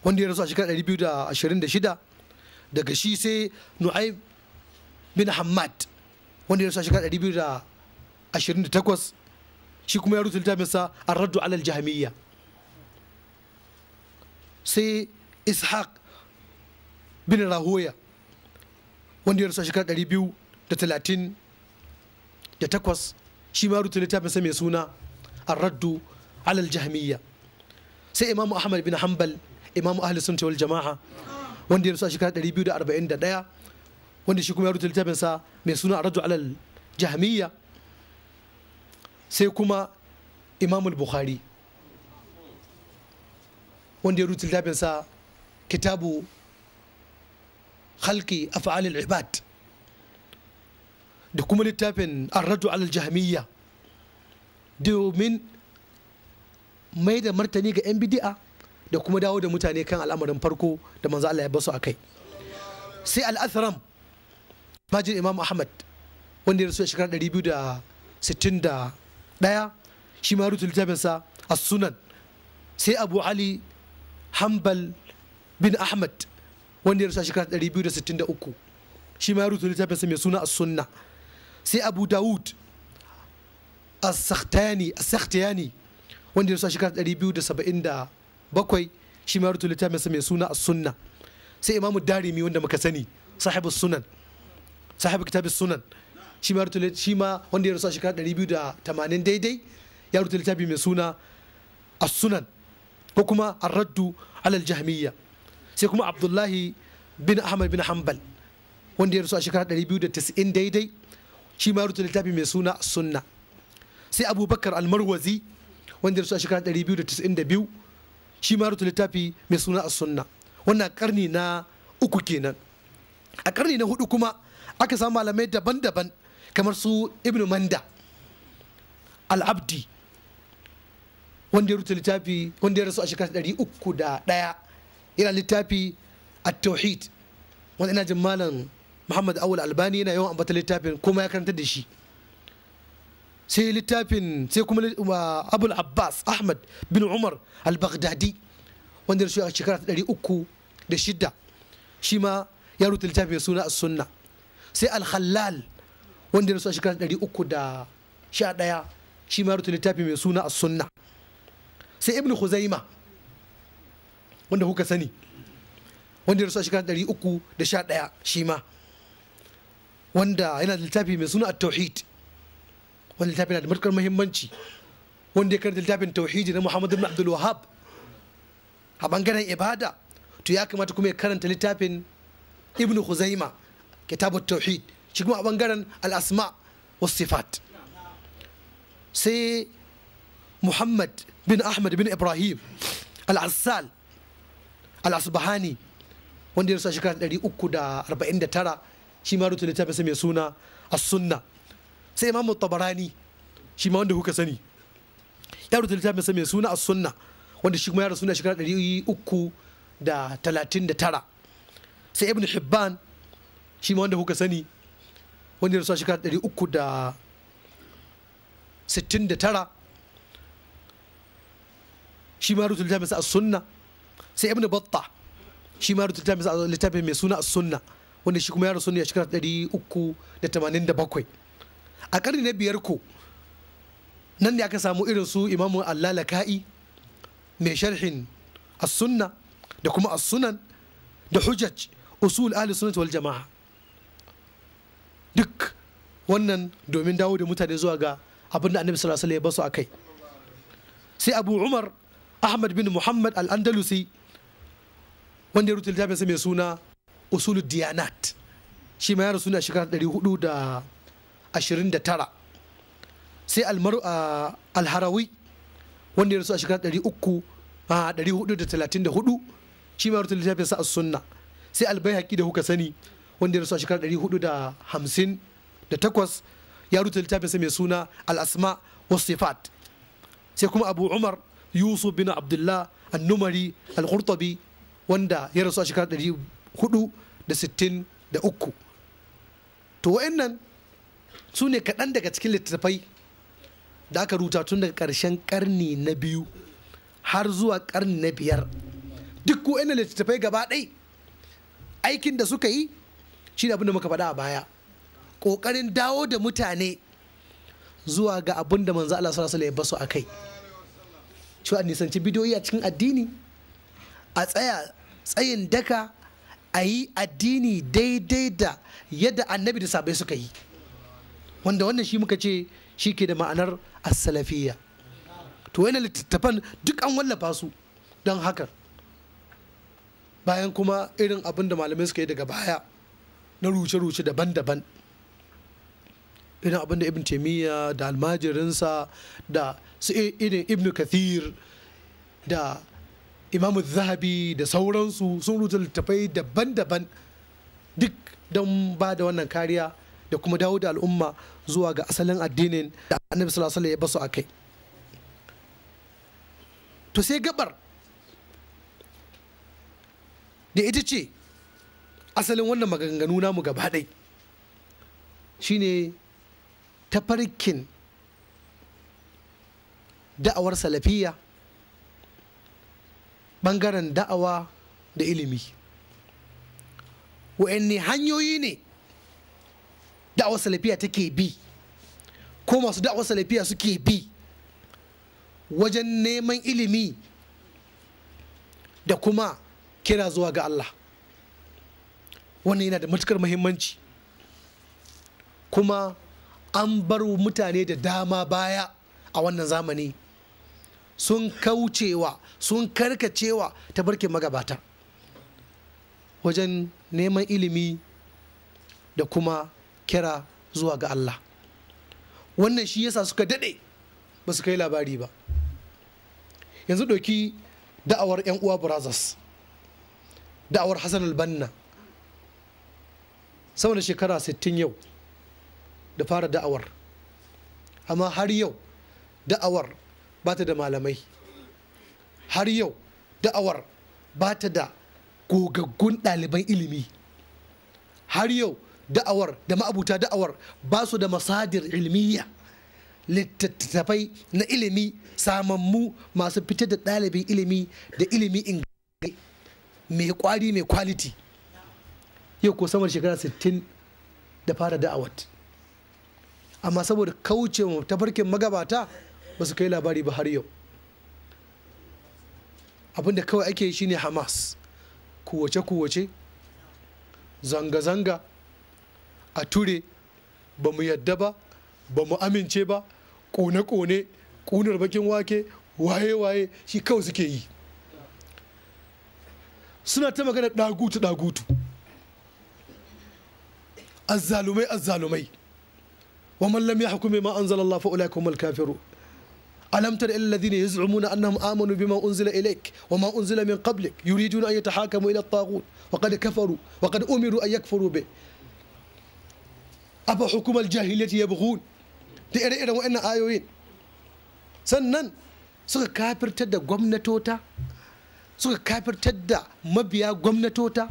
wanda ya rasu a shekarar 226 daga shi sai nu'aib bin hamad wanda ya rasu a shekarar 228 shi kuma ya rutu littafinsa a raddu alal jahamiyya sai ishaq bin rahoya wanda ya rasu a shekarar 238 shi ma ya rutu littafinsa mai suna a raddu alal jahamiyya sai imamu ahmad bin hanbal Imam ahli sunna wal jama'a wanda ya rasu a shekara 241 wanda shi kuma ya rubuta littafin sa mai suna radu alal jahmiya sai kuma al bukhari wanda ya rubuta littafin sa kitabu khalqi al ibad da kuma littafin arradu alal jahmiya domin mai da martani ga 'yan bidi'a da kuma dawo da mutane kan al'amarin farko da manzo Allah ya basu akai sai al-athram majin imam ahmad wanda ya rasu a shekarar 261 shi ma rutu littafinsa a sunan sai abu ali hambal bin ahmad wanda ya rasu a shekarar 263 shi ma rutu littafinsa mai suna a sunna sai abu dawud as-sakhtiyani wanda ya rasu a shekarar 274 bakwai shi ma rutu littafinsa mai suna a sunna sai imamu darimi wanda muka sani sahibu sunan sahibu kitabis sunan shi ma rutu shi ma wanda ya rasu a shekara 280 daidai ya rutu littafi mai suna a sunan ko kuma ar-raddu alal jahmiyya sai kuma abdullahi bin ahmad bin hanbal wanda ya rasu a shekara 290 daidai shi ma rutu littafi mai suna sunna sai abubakar almarwazi wanda ya rasu a shekara 292 shi ma rutu littafi mai suna a sunna wannan karni na uku kenan a karni na hudu kuma aka samu malamai daban-daban kamar su ibn manda al-abdi wanda ya rutu littafi wanda ya rasu a shekara 301 uku yana littafi a tauhid wanda ina jin malam muhammad awul albani yana yawan ambata littafin kuma ya karanta da shi sai littafin sai kuma abul abbas ahmad bin umar al-baghdadi wanda ya a shekara ta ɗari uku da shida shi ma ya rubuta littafin mai suna sunna sai al-khallal wanda ya a shekara ta ɗari uku da sha ɗaya shi ma ya rubuta littafin mai suna sunna sai ibn khuzaima wanda kuka sani wanda ya rasu a shekara ɗari uku da sha ɗaya shi ma wanda yana da littafi mai suna at-tauhid Wan littafin na da matukar muhimmanci wanda ya karanta littafin tauhidi na muhammadu bin abdul wahab a bangaren ibada to ya kamata kuma ya karanta littafin ibn huzaima kitabut tauhid shi kuma a bangaren al-asma was sifat sai muhammad bin ahmad bin ibrahim al-assal al-asbahani wanda ya rasa a shekara 349 shi ma rutu littafin mai suna a sunna sai imamu tabarani shi ma wanda kuka sani ya rubuta littafin sa mai suna a sunna wanda shi kuma ya rasu na shekara ɗari uku da talatin da tara sai ibn hibban shi ma wanda kuka sani wanda ya rasu a shekara ɗari uku da sittin da tara shi ma rubuta littafin sa a sunna sai ibn batta shi ma rubuta littafin mai suna a sunna wanda shi kuma ya rasu ne a shekara ɗari uku da tamanin da bakwai a ƙarni na biyar ko nan ne aka samu irin su imamu laka'i mai sharhin as-sunna da kuma as-sunan da hujjaj usul ahli sunnah wal jama'a duk wannan domin dawo da mutane zuwa ga abinda da annabi sallallahu alaihi wasallam ya basu akai sai abu umar ahmad bin muhammad al-andalusi wanda ya littafin sa mai suna usulu diyanat shi ma ya rasu na a shekarar da. 29 sai alharawi wanda ya rasu a shekara 434 shi ma rutu littafin sa sunna sai albayhaqi da kuka sani wanda ya rasu a shekara 458 ya rutu littafin sa mai suna al wasifat sai kuma abu umar yusuf bin abdullah annumari al-qurtubi wanda ya rasu a shekara 463 to wa'annan su ne kaɗan daga cikin littattafai da aka rubuta tun daga ƙarshen ƙarni na biyu har zuwa ƙarni na biyar duk ko ina littattafai gaba ɗai aikin da suka yi shi ne abin da muka faɗa a baya ƙoƙarin dawo da mutane zuwa ga abin da manzo Allah sallallahu alaihi wasallam ya a kai shi a nisanci bidiyoyi a cikin addini a tsaya tsayin daka a yi addini daidai da yadda annabi da sabai suka yi wanda wannan shi muka ce shi ke da ma'anar asalafiya to wani littattafan duk an wallafa su don haka bayan kuma irin abin da malamai suka yi daga baya na ruce-ruce daban-daban irin abin da ibn taimiyya da almajirinsa da su irin ibn kathir da imam zahabi da sauransu sun rute littattafai daban-daban duk don ba da wannan kariya da kuma dawo da al'umma zuwa ga asalin addinin da annabi sallallahu alaihi ya basu a kai to sai gabar da ita ce asalin wannan maganganu namu gaba ɗai shine tafarkin da'awar salafiya ɓangaren da'awa da ilimi wa'anne hanyoyi ne da'awar salafiya take bi ko masu da'awar salafiya suke bi wajen neman ilimi da kuma kira zuwa ga Allah wannan yana da matukar muhimmanci kuma an bar mutane da dama baya a wannan zamani sun kaucewa sun karkacewa ta barke magabata wajen neman ilimi da kuma kira zuwa ga Allah wannan shi yasa suka daɗe ba su kai labari ba yanzu ɗauki da'awar 'yan uwa brothers da'awar hassan albanna sama da shekara 60 yau da fara da'awar amma har yau da'awar ba ta da malamai har yau da'awar ba ta da gogaggun ɗaliban ilimi har yau da'awar da ma'abuta da'awar ba su da masadir ilmiya littattafai na ilimi samammu masu fitar da ɗalibin ilimi da ilimi in mai kwari mai kwaliti yau ko samar shekara 60 da fara da'awat amma saboda kauce tafarkin magabata ba su kai labari ba har yau abinda kawai ake yi shine hamas kuwace-kuwace zanga-zanga a ture ba mu yadda ba ba mu amince ba kone-kone kunar bakin wake waye-waye shi kawai suke yi suna ta magana dagutu-dagutu azzalumai azzalumai wa man lam yahkum ma anzala Allah fa ulaika humul kafirun alam tara ila alladhina yaz'umuna annahum amanu bima unzila ilayk wa ma unzila min qablik yuriduna an yatahakamu ila at-taghut wa qad kafaru wa qad umiru an yakfuru bih afa hukumar jahiliyyati ya bugun da ire-iren waɗannan ayoyin sannan suka kafirtar da gwamnatota suka kafirtar da mabiya gwamnatota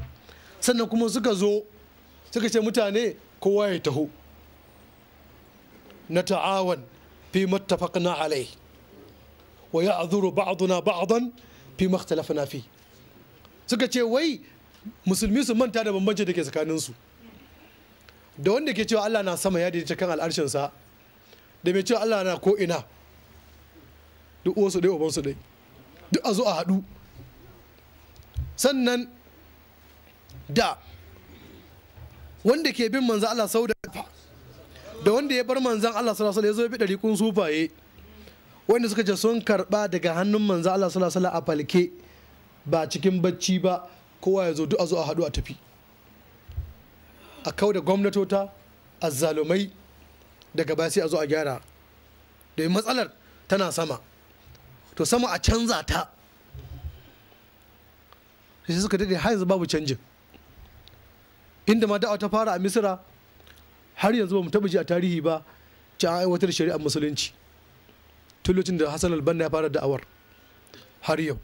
sannan kuma suka zo suka ce mutane kowa ya taho na ta'awan fi mattafaqna alai wa ya'dhuru ba'duna ba'dan fi makhtalafna fi suka ce wai musulmi su manta da bambanci da ke tsakaninsu da wanda ke cewa Allah na sama ya dace kan al'arshinsa da mai cewa Allah na ko ina duk uwansu dai su dai duk a zo a haɗu sannan da wanda ke bin manzan Allah sau da kafa da wanda ya bar manzan Allah sallallahu alaihi ya zo ya bi ɗariƙun sufaye wanda suka ce sun karɓa daga hannun manzan Allah sallallahu alaihi a falke ba cikin bacci ba kowa ya zo duk a zo a haɗu a tafi a kau da gwamnatota zalumai daga baya sai a zo a gyara domin matsalar tana sama to sama a canza ta sai suka daɗe har yanzu babu canji? inda ma da'awa ta fara a misira har yanzu ba mu taɓa a tarihi ba ci an aiwatar shari'ar musulunci tun lokacin da hassan albanna ya fara da'awar har yau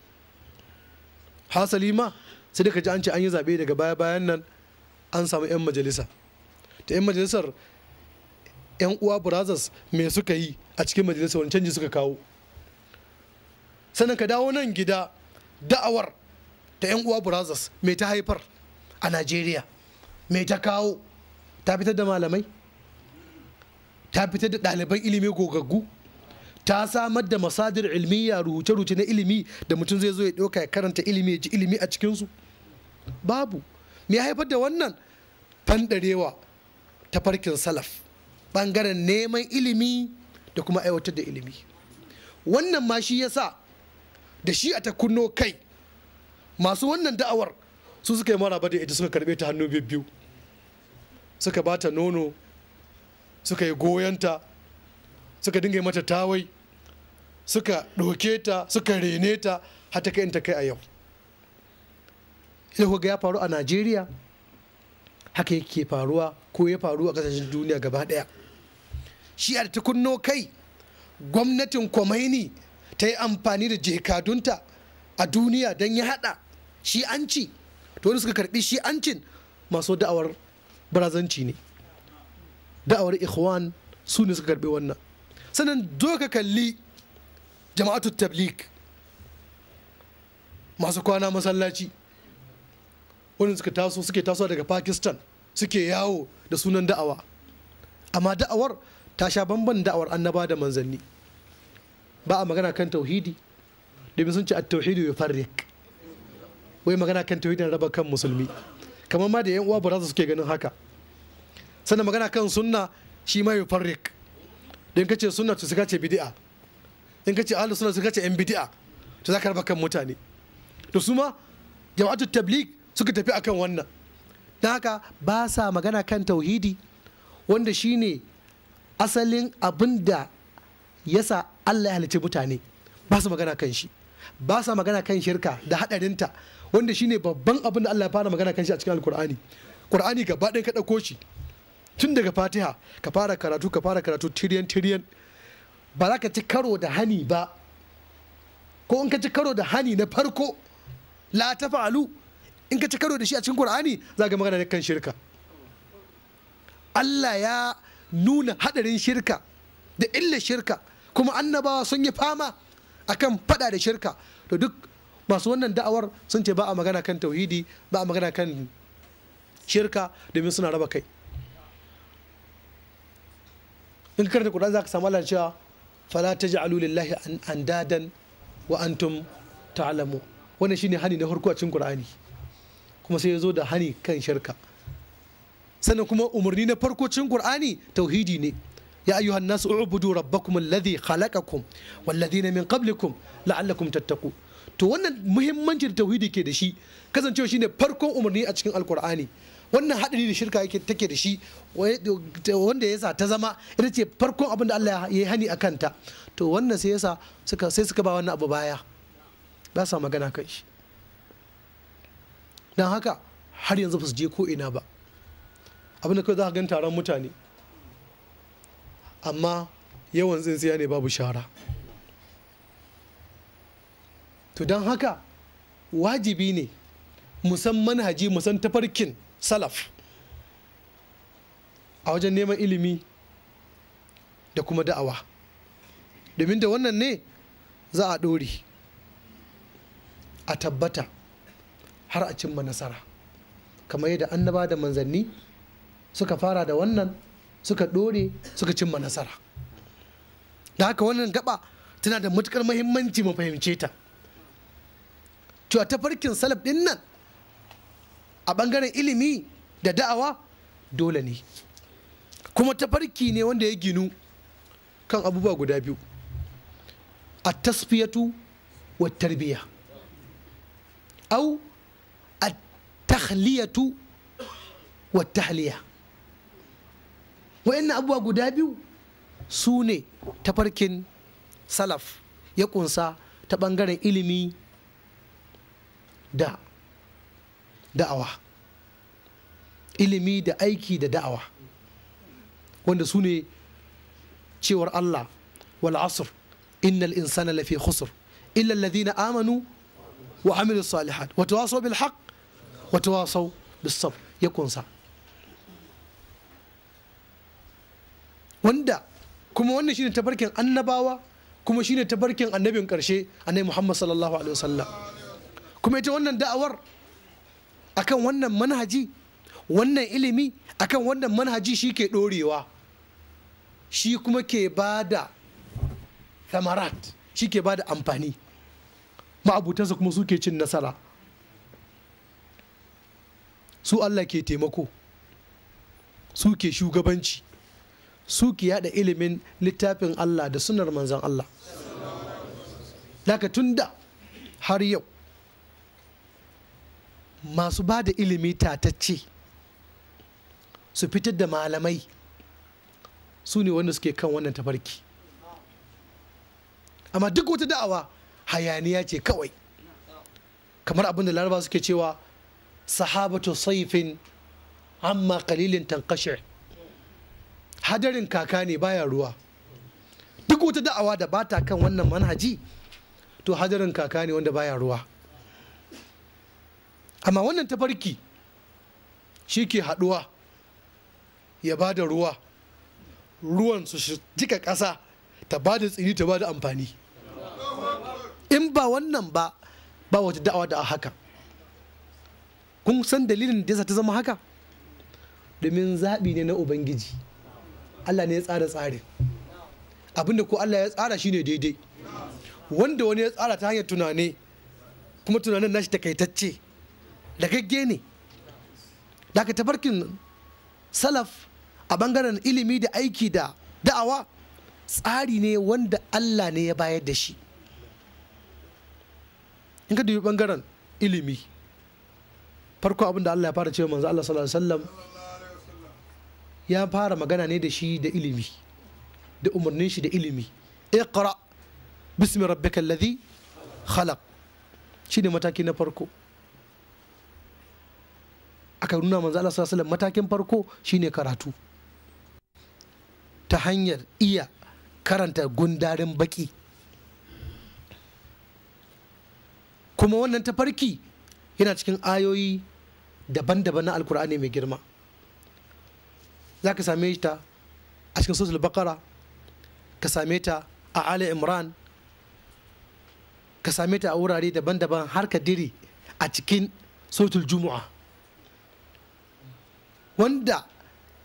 hasali ma sai daga ji an ce an yi zaɓe daga baya bayan nan an samu 'yan majalisa ta 'yan majalisar 'yan uwa brazos me suka yi a cikin majalisa wani canji suka kawo sannan ka dawo nan gida da'awar ta 'yan uwa brazos me ta haifar a najeriya mai ta kawo ta fitar da malamai ta fitar da ɗaliban ilimi gogaggu ta samar da masadir ilmiya rubuce-rubuce na ilimi da mutum zai zo ya ɗauka ya karanta ilimi ya ji ilimi a cikinsu babu me ya haifar da wannan fandarewa ta farkin salaf bangaren neman ilimi da kuma aiwatar da ilimi wannan ma shi ya sa da shi a ta kai masu wannan da'awar su suka yi maraba da ita suka karbe ta hannu biyu suka ba ta nono suka yi goyonta suka dinga mata tawai suka ɗauke ta suka rene ta hata kai ta kai a yau sai ku ya faru a najeriya haka yake faruwa ko ya faru a kasashen duniya gaba daya shi a ta kai gwamnatin kwamaini ta yi amfani da jekadunta a duniya don ya hada shi an ci to wani suka karbi shi an cin masu da'awar barazanci ne da'awar ikhwan su ne suka karbi wannan sannan zo ka kalli jama'atu tablik masu kwana masallaci Wani suka taso suke tasowa daga pakistan suke yawo da sunan da'awa amma da'awar ta sha bamban da'awar annaba da manzanni ba a magana kan tauhidi domin sun ce a tauhidi ya farrik wai magana kan tauhidin raba kan musulmi kamar ma da yan uwa baraza suke ganin haka sannan magana kan sunna shi ma ya farrik don kace sunna to suka ce bid'a in kace ahlus sunna suka ce yan bid'a to za ka raba kan mutane to su ma jama'atul tabligh suka tafi akan wannan don haka ba sa magana kan tauhidi wanda shine asalin abin da ya sa Allah ya halice mutane ba su magana kan shi ba sa magana kan shirka da haɗarinta wanda shine babban abin da Allah ya fara magana kan shi a cikin alkur'ani kur'ani gaba ɗaya ka ɗauko shi tun daga fatiha ka fara karatu ka fara karatu tiriyan tiriyan ba za ka ci karo da hani ba ko in ka ci karo da hani na farko la ta fa'alu in ka ci karo da shi a cikin qur'ani za ga magana kan shirka Allah ya nuna hadarin shirka da illa shirka kuma annabawa sun yi fama akan fada da shirka to duk masu wannan da'awar sun ce ba a magana kan tauhidi ba a magana kan shirka domin suna raba kai in karanta kuɗa za ka samu Allah cewa fala taj'alu lillahi andadan wa antum ta'lamu wannan shine hani na farko a cikin Qur'ani kuma sai ya zo da hani kan shirka sannan kuma umarni na farko cikin qur'ani tauhidi ne ya ayyuhan nasu ubudu rabbakum alladhi khalaqakum walladhina min qablikum la'allakum tattaqu to wannan muhimmancin tauhidi ke da shi kasancewa shine farkon umarni a cikin alqur'ani wannan haɗari da shirka yake take da shi wanda yasa ta zama ita ce farkon abin da Allah ya yi hani a kanta to wannan sai yasa sai suka ba wannan abu baya ba sa magana kan shi don haka har yanzu ba su je koina ina ba abinda kai za a gan taron mutane amma yawan tsintsiya ne babu shara to don haka wajibi ne musan manhaji musan tafarkin salaf a wajen neman ilimi da kuma da'awa domin da wannan ne za a ɗori a tabbata har a cimma nasara kamar yadda annaba da manzanni suka fara da wannan suka ɗore suka cimma nasara da haka wannan gaba tana da matukar mahimmanci mu fahimce ta cewa tafarkin salaf ɗin nan a bangaren ilimi da da'awa dole ne kuma tafarki ne wanda ya ginu kan abubuwa guda biyu a tasfiyatu wa tarbiyya au tahliyatu wa tahliya wa'annan abubuwa guda biyu su ne tafarkin salaf ya kunsa ta bangaren ilimi da da'awa ilimi da aiki da da'awa wanda su ne cewar Allah wal asr innal insana lafi khusr illa alladhina amanu wa amilu salihat wa tawasaw bil haqq وتواصوا بالصبر ya kunsa wanda kuma wannan shine tabarkin annabawa kuma shine tabarkin annabin karshe annabi Muhammad sallallahu alaihi wasallam kuma ita wannan da'awar akan wannan manhaji wannan ilimi akan wannan manhaji shi ke dorewa shi kuma ke da thamarat shi ke bada amfani ma'abutansa kuma suke cin nasara su Allah ke taimako su ke shugabanci su ke yada ilimin littafin Allah da sunar manzan Allah daga tun da har yau masu ba da ilimi tatacce su fitar da malamai su ne wanda suke kan wannan tafarki amma duk wata da'awa hayaniya ce kawai kamar abin da laraba suke cewa sahabatu saifin amma kalilin tankashe hadarin kaka ne baya ruwa duk wata da'awa da bata kan wannan manhaji to hadarin kaka ne wanda ya ruwa amma wannan tafarki shi ke haduwa ya ba da ruwa ruwan su jika ƙasa ta ba da ta ba amfani in ba wannan ba ba wata da'awa da haka kun san dalilin da ya ta zama haka domin zaɓi ne na ubangiji allah ne ya tsara tsarin abinda ko allah ya tsara shine daidai wanda wani ya tsara ta hanyar tunani kuma tunanin nashi takaitacce da gagge ne daga tafarkin salaf a bangaren ilimi da aiki da da'awa tsari ne wanda allah ne ya bayar da shi in ka dubi bangaren ilimi farko abin da Allah ya fara cewa manzo Allah sallallahu alaihi ya fara magana ne da shi da ilimi da umarnin shi da ilimi iqra bismi rabbika alladhi khalaq shine mataki na farko aka nuna manzo Allah sallallahu alaihi matakin farko shine karatu ta hanyar iya karanta gundarin baki kuma wannan tafarki yana cikin ayoyi daban-daban na alkur'ani mai girma za ka same ta a cikin sosul bakara ka same ta a ala imran ka same ta a wurare daban-daban har ka diri a cikin sautul juma'a wanda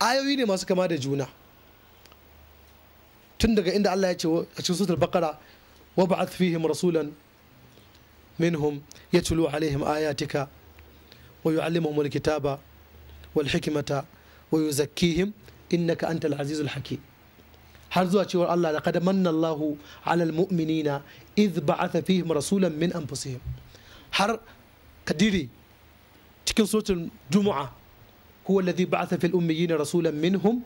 ayoyi ne masu kama da juna tun daga inda Allah ya ce a cikin sautul bakara wa ba'ath fihim rasulan minhum yatlu alaihim ayatika ويعلمهم الكتاب والحكمة ويزكيهم إنك أنت العزيز الحكيم har zuwa cewar Allah laqad manna Allahu 'alal mu'minina idh ba'atha fihim rasulan min anfusihim har kadiri cikin suratul jumu'a huwa alladhi ba'atha fil ummiyina rasulan minhum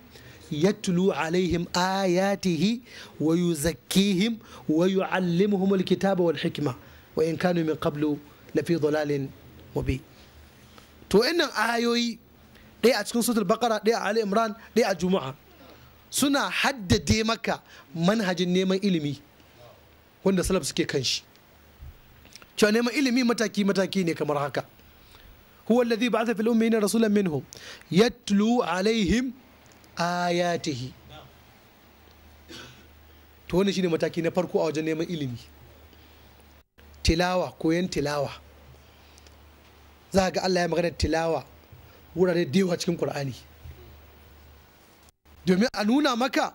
yatlu 'alaihim ayatihi wa yuzakkihim wa yu'allimuhum alkitaba wal hikma wa in kanu min qablu lafi dhalalin mubin to wannan ayoyi ɗaya a cikin sutur bakara ɗaya a ali imran ɗaya a juma'a suna haddade maka manhajin neman ilimi wanda salaf suke kan shi cewa neman ilimi mataki mataki ne kamar haka huwa alladhi ba'atha fil ummiyina rasulan minhum yatlu alaihim ayatihi to wannan shine mataki na farko a wajen neman ilimi tilawa koyan tilawa za ga Allah ya magana tilawa wurare da yawa cikin kur'ani domin a nuna maka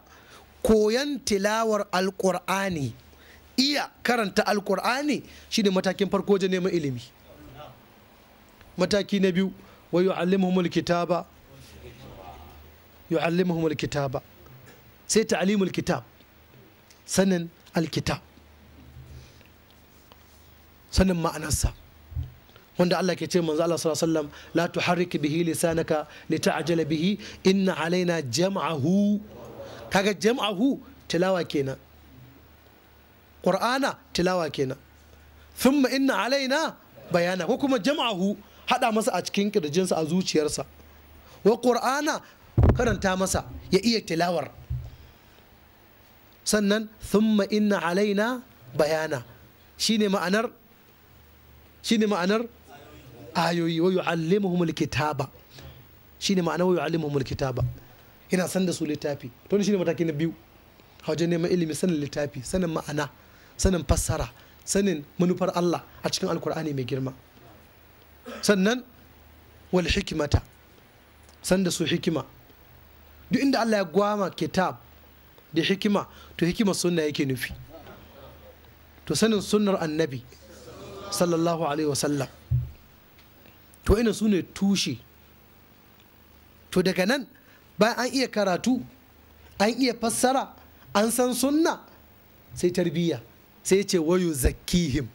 koyan tilawar alƙur'ani iya karanta alƙur'ani shine matakin farko je neman ilimi mataki na biyu wa yu'allimuhumul kitaba yu'allimuhumul kitaba sai ta'limul kitab sanin alkitab sanin ma'anarsa wanda Allah ke ce manzo Allah sallallahu alaihi wasallam la tuharrik bihi lisanaka lita'jala bihi inna alaina jam'ahu kaga jam'ahu tilawa kenan qur'ana tilawa kenan thumma inna alaina bayana ko kuma jam'ahu hada masa a cikin sa a zuciyarsa wa qur'ana karanta masa ya iya tilawar sannan thumma inna alaina bayana shine ma'anar shine ma'anar ayoyi wa yu'allimuhum alkitaba shine ma'ana wa yu'allimuhum alkitaba ina san da su littafi to ne shine mataki na biyu a wajen neman ilimi sanin littafi sanin ma'ana sanin fassara sanin manufar Allah a cikin alkur'ani mai girma sannan wal hikimata san da su hikima duk inda Allah ya gwama kitab da hikima to hikimar sunna yake nufi to sanin sunnar annabi sallallahu alaihi wasallam to ina su ne tushe to daga nan bayan an iya karatu an iya fassara an san sunna sai tarbiyya sai ce wayo zakihim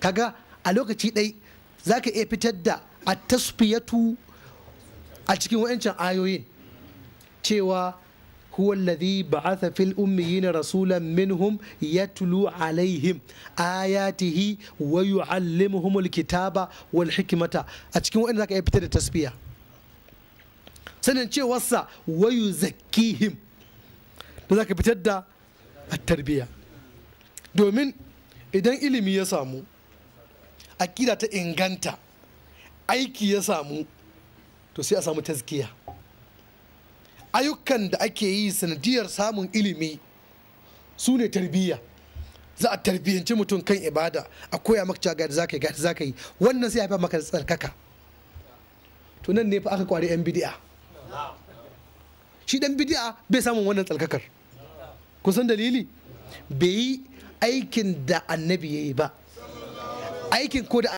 kaga a lokaci dai za ka iya fitar da a tasfiyatu a cikin wa'ancan ayoyin cewa هو الذي بعث في الأميين رسولا منهم يتلو عليهم آياته ويعلمهم الكتاب والحكمة أتكلم وإن ذاك يبتدي التسبيح سننشي وصا ويزكيهم ذاك يبتدي التربية domin idan ilimi ya samu akida ta inganta aiki ya samu to sai a samu tazkiya ayyukan da ake yi sanadiyar samun ilimi su ne tarbiyya za a tarbiyyanci mutum kan ibada a koya maka cewa da zaka yi gadi zaka yi wannan sai ya haifa maka tsarkaka to nan ne fa aka kwari yan bidi'a shi dan bidi'a bai samun wannan tsarkakar kusan dalili bai yi aikin da annabi ya ba aikin ko da